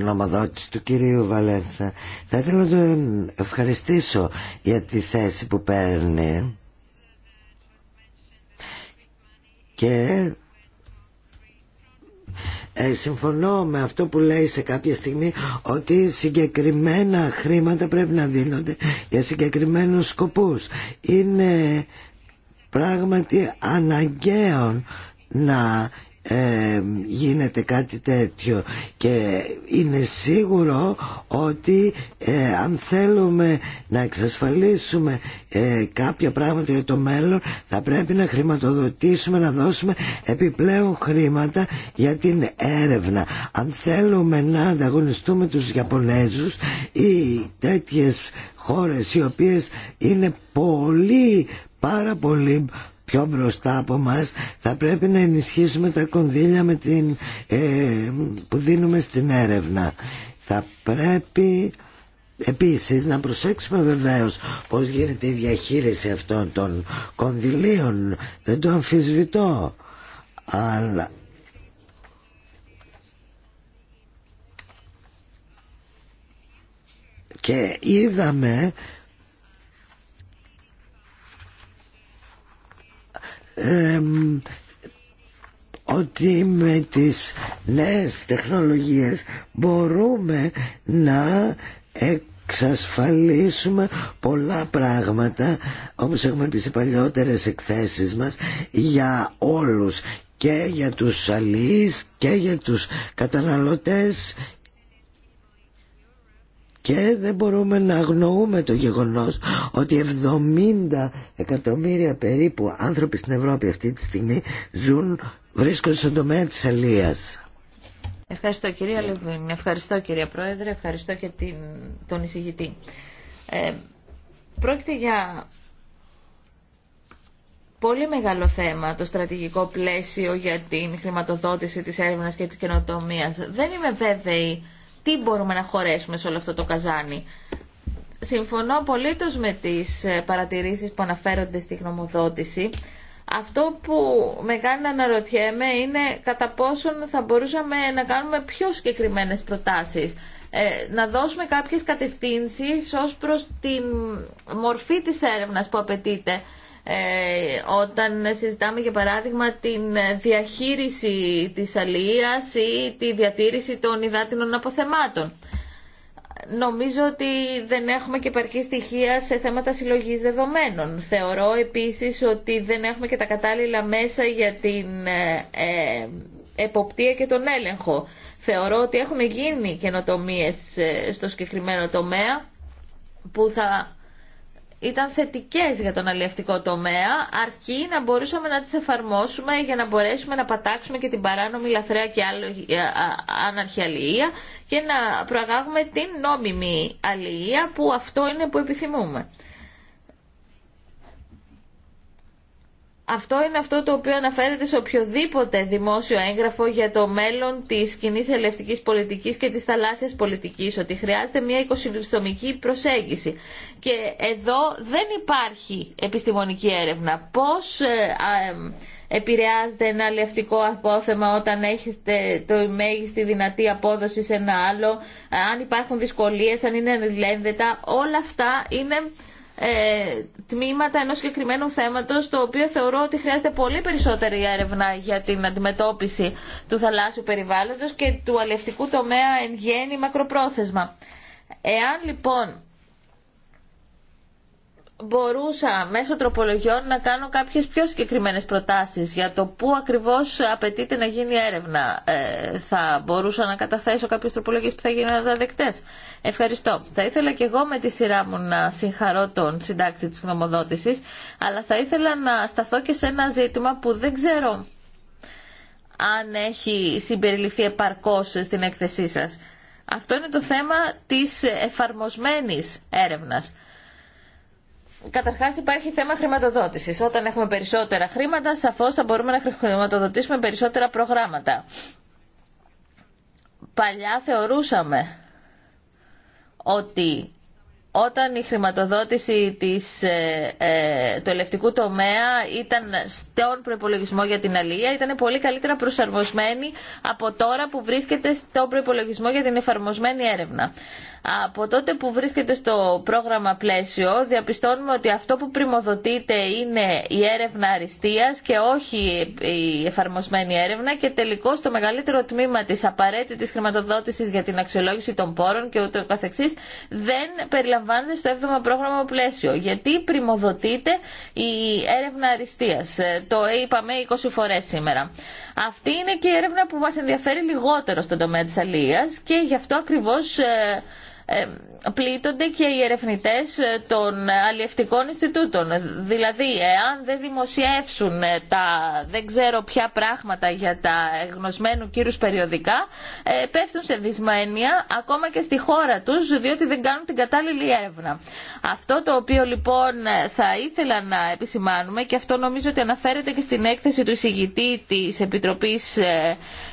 του κυρίου Βαλένσα. Θα ήθελα να τον ευχαριστήσω για τη θέση που παίρνει και ε, συμφωνώ με αυτό που λέει σε κάποια στιγμή ότι συγκεκριμένα χρήματα πρέπει να δίνονται για συγκεκριμένους σκοπούς. Είναι πράγματι αναγκαίων να ε, γίνεται κάτι τέτοιο και είναι σίγουρο ότι ε, αν θέλουμε να εξασφαλίσουμε ε, κάποια πράγματα για το μέλλον θα πρέπει να χρηματοδοτήσουμε να δώσουμε επιπλέον χρήματα για την έρευνα αν θέλουμε να ανταγωνιστούμε τους Ιαπωνέζους ή τέτοιες χώρες οι οποίες είναι πολύ πάρα πολύ πιο μπροστά από μας θα πρέπει να ενισχύσουμε τα κονδύλια με την, ε, που δίνουμε στην έρευνα. Θα πρέπει επίσης να προσέξουμε βεβαίως πώς γίνεται η διαχείριση αυτών των κονδυλίων. Δεν το αμφισβητώ. Αλλά και είδαμε ότι με τις νέες τεχνολογίες μπορούμε να εξασφαλίσουμε πολλά πράγματα όπως έχουμε πει σε παλιότερες εκθέσεις μας για όλους και για τους αλληλείς και για τους καταναλωτές και δεν μπορούμε να αγνοούμε το γεγονός ότι 70 εκατομμύρια περίπου άνθρωποι στην Ευρώπη αυτή τη στιγμή ζουν, βρίσκονται στον τομέα της αλίας. Ευχαριστώ κυρία Λεβίν, ευχαριστώ κυρία Πρόεδρε, ευχαριστώ και την, τον εισηγητή. Ε, πρόκειται για πολύ μεγάλο θέμα το στρατηγικό πλαίσιο για την χρηματοδότηση της έρευνας και της καινοτομίας. Δεν είμαι βέβαιη τι μπορούμε να χωρέσουμε σε όλο αυτό το καζάνι. Συμφωνώ πολύ με τις ε, παρατηρήσεις που αναφέρονται στη γνωμοδότηση. Αυτό που με κάνει να αναρωτιέμαι είναι κατά πόσον θα μπορούσαμε να κάνουμε πιο συγκεκριμένες προτάσεις. Ε, να δώσουμε κάποιες κατευθύνσεις ως προς τη μορφή της έρευνας που απαιτείται ε, όταν συζητάμε για παράδειγμα την διαχείριση της αλίας ή τη διατήρηση των υδάτινων αποθεμάτων. Νομίζω ότι δεν έχουμε και επαρκή στοιχεία σε θέματα συλλογής δεδομένων. Θεωρώ επίσης ότι δεν έχουμε και τα κατάλληλα μέσα για την ε, ε, εποπτεία και τον έλεγχο. Θεωρώ ότι έχουν γίνει καινοτομίες στο συγκεκριμένο τομέα που θα ήταν θετικέ για τον αλληλευτικό τομέα, αρκεί να μπορούσαμε να τις εφαρμόσουμε για να μπορέσουμε να πατάξουμε και την παράνομη λαθρέα και ε, άναρχη αλληλεία και να προαγάγουμε την νόμιμη αλληλεία που αυτό είναι που επιθυμούμε. Αυτό είναι αυτό το οποίο αναφέρεται σε οποιοδήποτε δημόσιο έγγραφο για το μέλλον της κοινή ελευτική πολιτικής και τη θαλάσσιας πολιτική, ότι χρειάζεται μια οικοσυμπριστομική προσέγγιση. Και εδώ δεν υπάρχει επιστημονική έρευνα. Πώς ε, επηρεάζεται ένα αλληλευτικό απόθεμα όταν έχετε το μέγιστη δυνατή απόδοση σε ένα άλλο, ε, αν υπάρχουν δυσκολίε, αν είναι ανελένδετα. όλα αυτά είναι ε, τμήματα ενός συγκεκριμένου θέματος το οποίο θεωρώ ότι χρειάζεται πολύ περισσότερη έρευνα για την αντιμετώπιση του θαλάσσιου περιβάλλοντος και του αλευτικού τομέα εν γέννη μακροπρόθεσμα. Εάν λοιπόν μπορούσα μέσω τροπολογιών να κάνω κάποιες πιο συγκεκριμένες προτάσεις για το πού ακριβώς απαιτείται να γίνει έρευνα. Ε, θα μπορούσα να καταθέσω κάποιες τροπολογίες που θα γίνουν δεκτές. Ευχαριστώ. Θα ήθελα και εγώ με τη σειρά μου να συγχαρώ τον συντάκτη της γνωμοδότησης, αλλά θα ήθελα να σταθώ και σε ένα ζήτημα που δεν ξέρω αν έχει συμπεριληφθεί επαρκώς στην έκθεσή σας. Αυτό είναι το θέμα της εφαρμοσμένης έρευνας. Καταρχά υπάρχει θέμα χρηματοδότηση. Όταν έχουμε περισσότερα χρήματα, σαφώ θα μπορούμε να χρηματοδοτήσουμε περισσότερα προγράμματα. Παλιά θεωρούσαμε ότι όταν η χρηματοδότηση της, ε, ε, του ελευτικού τομέα ήταν στον προπολογισμό για την αλληλεία, ήταν πολύ καλύτερα προσαρμοσμένη από τώρα που βρίσκεται στον προπολογισμό για την εφαρμοσμένη έρευνα. Από τότε που βρίσκεται στο πρόγραμμα πλαίσιο διαπιστώνουμε ότι αυτό που πρημοδοτείται είναι η έρευνα αριστείας και όχι η εφαρμοσμένη έρευνα και τελικώς το μεγαλύτερο τμήμα της απαραίτητης χρηματοδότησης για την αξιολόγηση των πόρων και ούτω καθεξής δεν περιλαμβάνεται στο 7ο πρόγραμμα πλαίσιο γιατί πρημοδοτείται η έρευνα αριστείας. Ε, το είπαμε 20 φορές σήμερα. Αυτή είναι και η έρευνα που μας ενδιαφέρει λιγότερο στον τομέα της αλληλείας και γι' αυτό ακριβώς ε, ε, πλήττονται και οι ερευνητές ε, των αλλιευτικών Ινστιτούτων. Δηλαδή, εάν δεν δημοσιεύσουν ε, τα δεν ξέρω ποια πράγματα για τα γνωσμένου κύρους περιοδικά, πέφτουν σε δυσμένεια ακόμα και στη χώρα τους, διότι δεν κάνουν την κατάλληλη έρευνα. Αυτό το οποίο λοιπόν θα ήθελα να επισημάνουμε και αυτό νομίζω ότι αναφέρεται και στην έκθεση του εισηγητή της Επιτροπής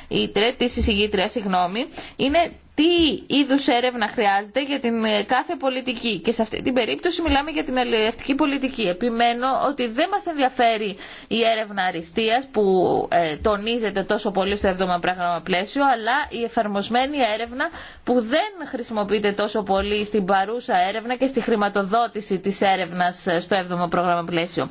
ΙΤΡΕ, της εισηγήτριας, συγγνώμη, είναι τι είδου έρευνα χρειάζεται για την ε, κάθε πολιτική. Και σε αυτή την περίπτωση μιλάμε για την αλληλευτική πολιτική. Επιμένω ότι δεν μας ενδιαφέρει η έρευνα αριστείας που ε, τονίζεται τόσο πολύ στο 7ο πρόγραμμα πλαίσιο, αλλά η εφαρμοσμένη έρευνα που δεν χρησιμοποιείται τόσο πολύ στην παρούσα έρευνα και στη χρηματοδότηση τη έρευνα ε, στο 7ο πρόγραμμα πλαίσιο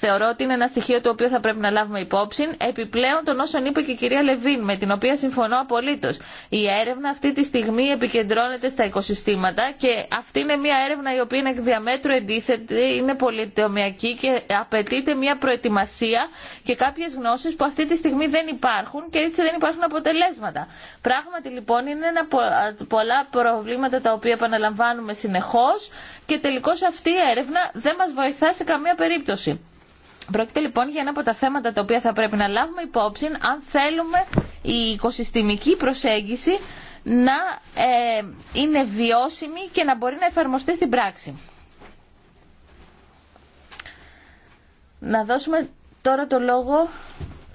θεωρώ ότι είναι ένα στοιχείο το οποίο θα πρέπει να λάβουμε υπόψη. Επιπλέον των όσων είπε και η κυρία Λεβίν, με την οποία συμφωνώ απολύτω. Η έρευνα αυτή τη στιγμή επικεντρώνεται στα οικοσυστήματα και αυτή είναι μια έρευνα η οποία είναι εκ διαμέτρου εντίθετη, είναι πολυτομιακή και απαιτείται μια προετοιμασία και κάποιε γνώσει που αυτή τη στιγμή δεν υπάρχουν και έτσι δεν υπάρχουν αποτελέσματα. Πράγματι λοιπόν είναι ένα πολλά προβλήματα τα οποία επαναλαμβάνουμε συνεχώ και τελικώ αυτή η έρευνα δεν μα βοηθά σε καμία περίπτωση. Πρόκειται λοιπόν για ένα από τα θέματα τα οποία θα πρέπει να λάβουμε υπόψη αν θέλουμε η οικοσυστημική προσέγγιση να ε, είναι βιώσιμη και να μπορεί να εφαρμοστεί στην πράξη. Να δώσουμε τώρα το λόγο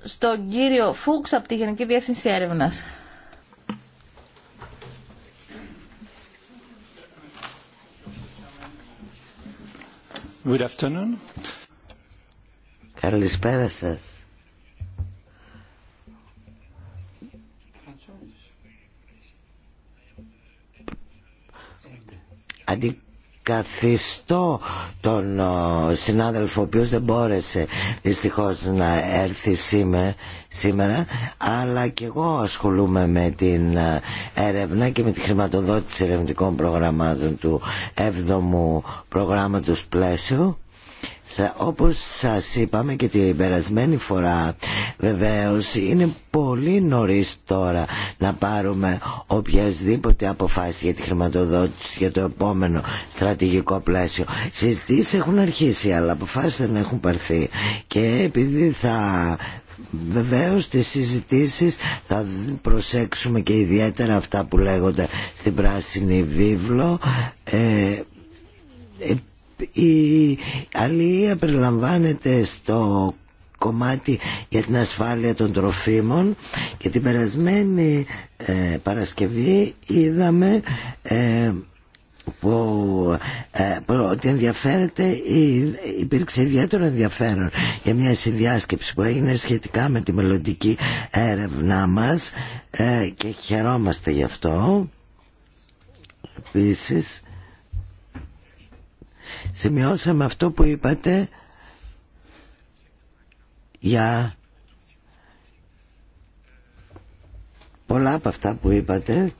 στον κύριο Φούξ από τη Γενική Διεύθυνση Έρευνας. Good afternoon. Καλησπέρα σας. Αντικαθιστώ τον συνάδελφο ο οποίος δεν μπόρεσε δυστυχώς να έρθει σήμερα, αλλά και εγώ ασχολούμαι με την ε, έρευνα και με τη χρηματοδότηση ερευνητικών προγραμμάτων του 7ου προγράμματος πλαίσιου θα, όπως σας είπαμε και την περασμένη φορά βεβαίως είναι πολύ νωρίς τώρα να πάρουμε οποιασδήποτε αποφάση για τη χρηματοδότηση για το επόμενο στρατηγικό πλαίσιο. Συζητήσεις έχουν αρχίσει αλλά αποφάσεις δεν έχουν πάρθει και επειδή θα Βεβαίω τις συζητήσεις θα προσέξουμε και ιδιαίτερα αυτά που λέγονται στην πράσινη βίβλο. Ε, η αλληλεία περιλαμβάνεται στο κομμάτι για την ασφάλεια των τροφίμων και την περασμένη ε, Παρασκευή είδαμε ε, που, ε, ότι ενδιαφέρεται ή, υπήρξε ιδιαίτερο ενδιαφέρον για μια συνδιάσκεψη που έγινε σχετικά με τη μελλοντική έρευνά μας και χαιρόμαστε γι' αυτό επίσης Σημειώσαμε αυτό που είπατε για πολλά από αυτά που είπατε.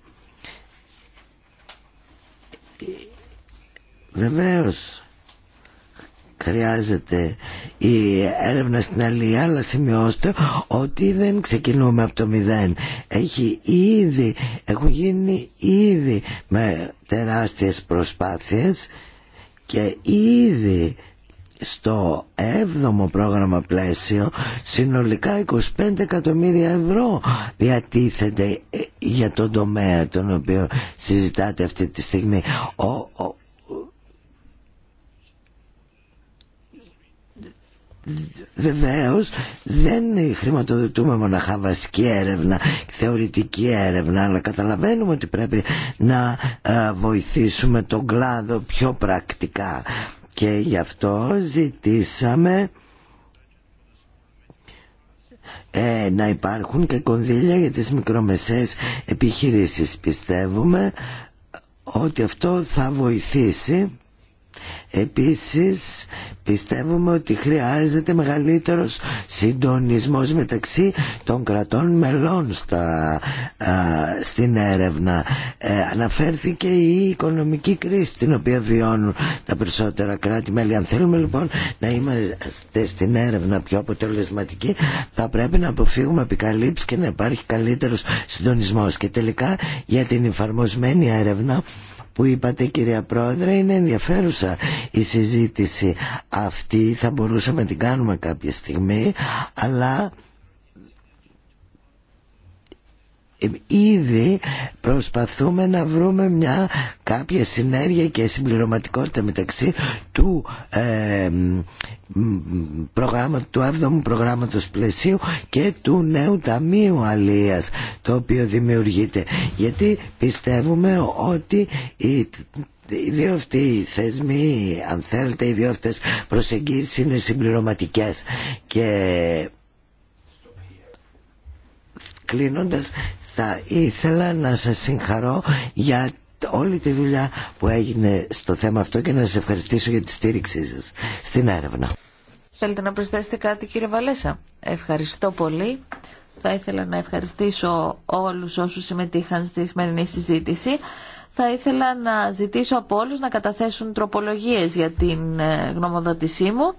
Βεβαίως χρειάζεται η έρευνα στην αλλή, αλλά σημειώστε ότι δεν ξεκινούμε από το μηδέν έχει ήδη έχουν γίνει ήδη με τεράστιες προσπάθειες και ήδη στο 7ο πρόγραμμα πλαίσιο συνολικά 25 εκατομμύρια ευρώ διατίθεται ε, για τον τομέα τον οποίο συζητάτε αυτή τη στιγμή. Ο, ο, Βεβαίω δεν χρηματοδοτούμε μοναχά βασική έρευνα, θεωρητική έρευνα, αλλά καταλαβαίνουμε ότι πρέπει να ε, βοηθήσουμε τον κλάδο πιο πρακτικά. Και γι' αυτό ζητήσαμε ε, να υπάρχουν και κονδύλια για τις μικρομεσαίες επιχειρήσεις. Πιστεύουμε ότι αυτό θα βοηθήσει Επίσης πιστεύουμε ότι χρειάζεται μεγαλύτερος συντονισμός μεταξύ των κρατών μελών στα, στην έρευνα. Ε, αναφέρθηκε η οικονομική κρίση την οποία βιώνουν τα περισσότερα κράτη-μέλη. Αν θέλουμε λοιπόν να είμαστε στην έρευνα πιο αποτελεσματικοί θα πρέπει να αποφύγουμε επικαλύψεις και να υπάρχει καλύτερος συντονισμός. Και τελικά για την εφαρμοσμένη έρευνα που είπατε κυρία Πρόεδρε είναι ενδιαφέρουσα η συζήτηση αυτή θα μπορούσαμε να την κάνουμε κάποια στιγμή αλλά ήδη προσπαθούμε να βρούμε μια κάποια συνέργεια και συμπληρωματικότητα μεταξύ του ε, του 7ου προγράμματος πλαισίου και του νέου ταμείου αλίας το οποίο δημιουργείται γιατί πιστεύουμε ότι οι δύο αυτοί οι θεσμοί, αν θέλετε, οι δύο αυτές προσεγγίσεις είναι συμπληρωματικές και κλείνοντας θα ήθελα να σας συγχαρώ για όλη τη δουλειά που έγινε στο θέμα αυτό και να σας ευχαριστήσω για τη στήριξή σας στην έρευνα. Θέλετε να προσθέσετε κάτι κύριε Βαλέσα. Ευχαριστώ πολύ. Θα ήθελα να ευχαριστήσω όλους όσους συμμετείχαν στη σημερινή συζήτηση. Θα ήθελα να ζητήσω από όλους να καταθέσουν τροπολογίες για την ε, γνωμοδότησή μου.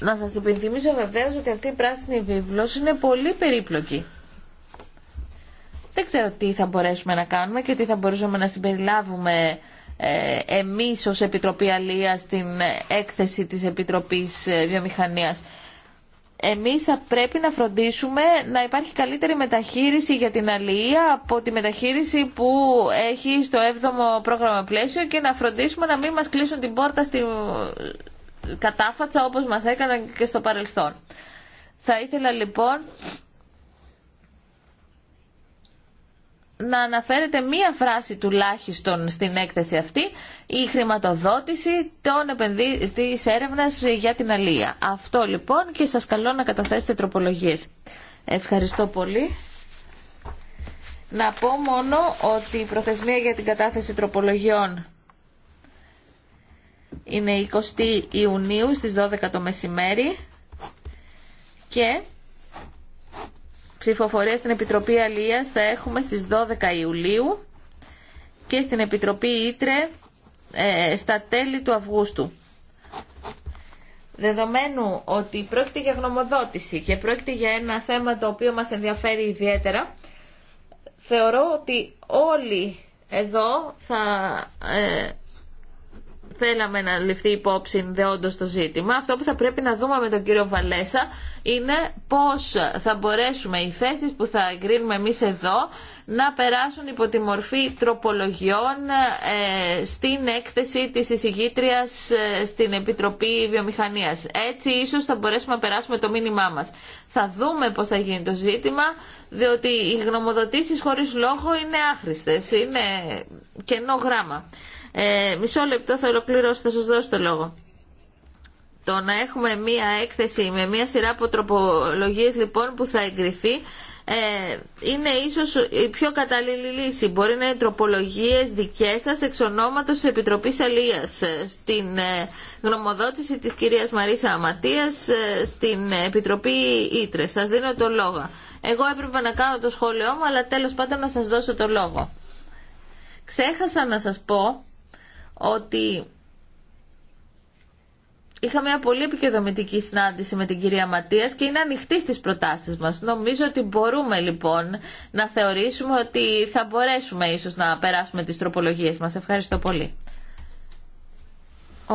Να σας υπενθυμίσω βεβαίω ότι αυτή η πράσινη βίβλος είναι πολύ περίπλοκη. Δεν ξέρω τι θα μπορέσουμε να κάνουμε και τι θα μπορούσαμε να συμπεριλάβουμε ε, εμείς ως Επιτροπή Αλία στην έκθεση της Επιτροπής ε, Βιομηχανίας. Εμείς θα πρέπει να φροντίσουμε να υπάρχει καλύτερη μεταχείριση για την αλληλεία από τη μεταχείριση που έχει στο 7ο πρόγραμμα πλαίσιο και να φροντίσουμε να μην μας κλείσουν την πόρτα στη κατάφατσα όπως μας έκαναν και στο παρελθόν. Θα ήθελα λοιπόν να αναφέρετε μία φράση τουλάχιστον στην έκθεση αυτή, η χρηματοδότηση των επενδύ... της έρευνας για την αλία. Αυτό λοιπόν και σας καλώ να καταθέσετε τροπολογίες. Ευχαριστώ πολύ. Να πω μόνο ότι η προθεσμία για την κατάθεση τροπολογιών είναι 20 Ιουνίου στις 12 το μεσημέρι και ψηφοφορία στην Επιτροπή Αλίας θα έχουμε στις 12 Ιουλίου και στην Επιτροπή Ήτρε ε, στα τέλη του Αυγούστου. Δεδομένου ότι πρόκειται για γνωμοδότηση και πρόκειται για ένα θέμα το οποίο μας ενδιαφέρει ιδιαίτερα, θεωρώ ότι όλοι εδώ θα ε, θέλαμε να ληφθεί υπόψη δεόντω το ζήτημα. Αυτό που θα πρέπει να δούμε με τον κύριο Βαλέσα είναι πώ θα μπορέσουμε οι θέσει που θα εγκρίνουμε εμεί εδώ να περάσουν υπό τη μορφή τροπολογιών ε, στην έκθεση της εισηγήτριας ε, στην Επιτροπή Βιομηχανίας. Έτσι ίσως θα μπορέσουμε να περάσουμε το μήνυμά μας. Θα δούμε πώς θα γίνει το ζήτημα, διότι οι γνωμοδοτήσεις χωρίς λόγο είναι άχρηστες, είναι κενό γράμμα. Ε, μισό λεπτό θα ολοκληρώσω, θα σας δώσω το λόγο. Το να έχουμε μία έκθεση με μία σειρά από τροπολογίες λοιπόν που θα εγκριθεί ε, είναι ίσως η πιο κατάλληλη λύση. Μπορεί να είναι τροπολογίες δικές σας εξ ονόματος Επιτροπής Αλίας ε, στην ε, γνωμοδότηση της κυρίας Μαρίσα Αματίας στην Επιτροπή Ήτρε. Σας δίνω το λόγο. Εγώ έπρεπε να κάνω το σχόλιο μου αλλά τέλος πάντων να σας δώσω το λόγο. Ξέχασα να σας πω ότι είχα μια πολύ επικοδομητική συνάντηση με την κυρία Ματίας και είναι ανοιχτή στις προτάσεις μας. Νομίζω ότι μπορούμε λοιπόν να θεωρήσουμε ότι θα μπορέσουμε ίσως να περάσουμε τις τροπολογίες μας. Ευχαριστώ πολύ.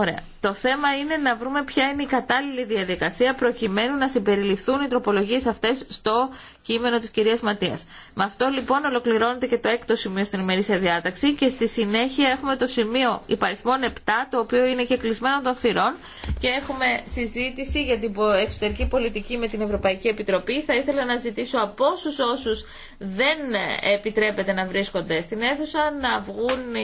Ωραία. Το θέμα είναι να βρούμε ποια είναι η κατάλληλη διαδικασία προκειμένου να συμπεριληφθούν οι τροπολογίε αυτέ στο κείμενο τη κυρία Ματίας. Με αυτό λοιπόν ολοκληρώνεται και το έκτο σημείο στην ημερήσια διάταξη και στη συνέχεια έχουμε το σημείο υπαριθμών 7 το οποίο είναι και κλεισμένο των θυρών και έχουμε συζήτηση για την εξωτερική πολιτική με την Ευρωπαϊκή Επιτροπή. Θα ήθελα να ζητήσω από όσου όσους δεν επιτρέπεται να βρίσκονται στην αίθουσα να βγουν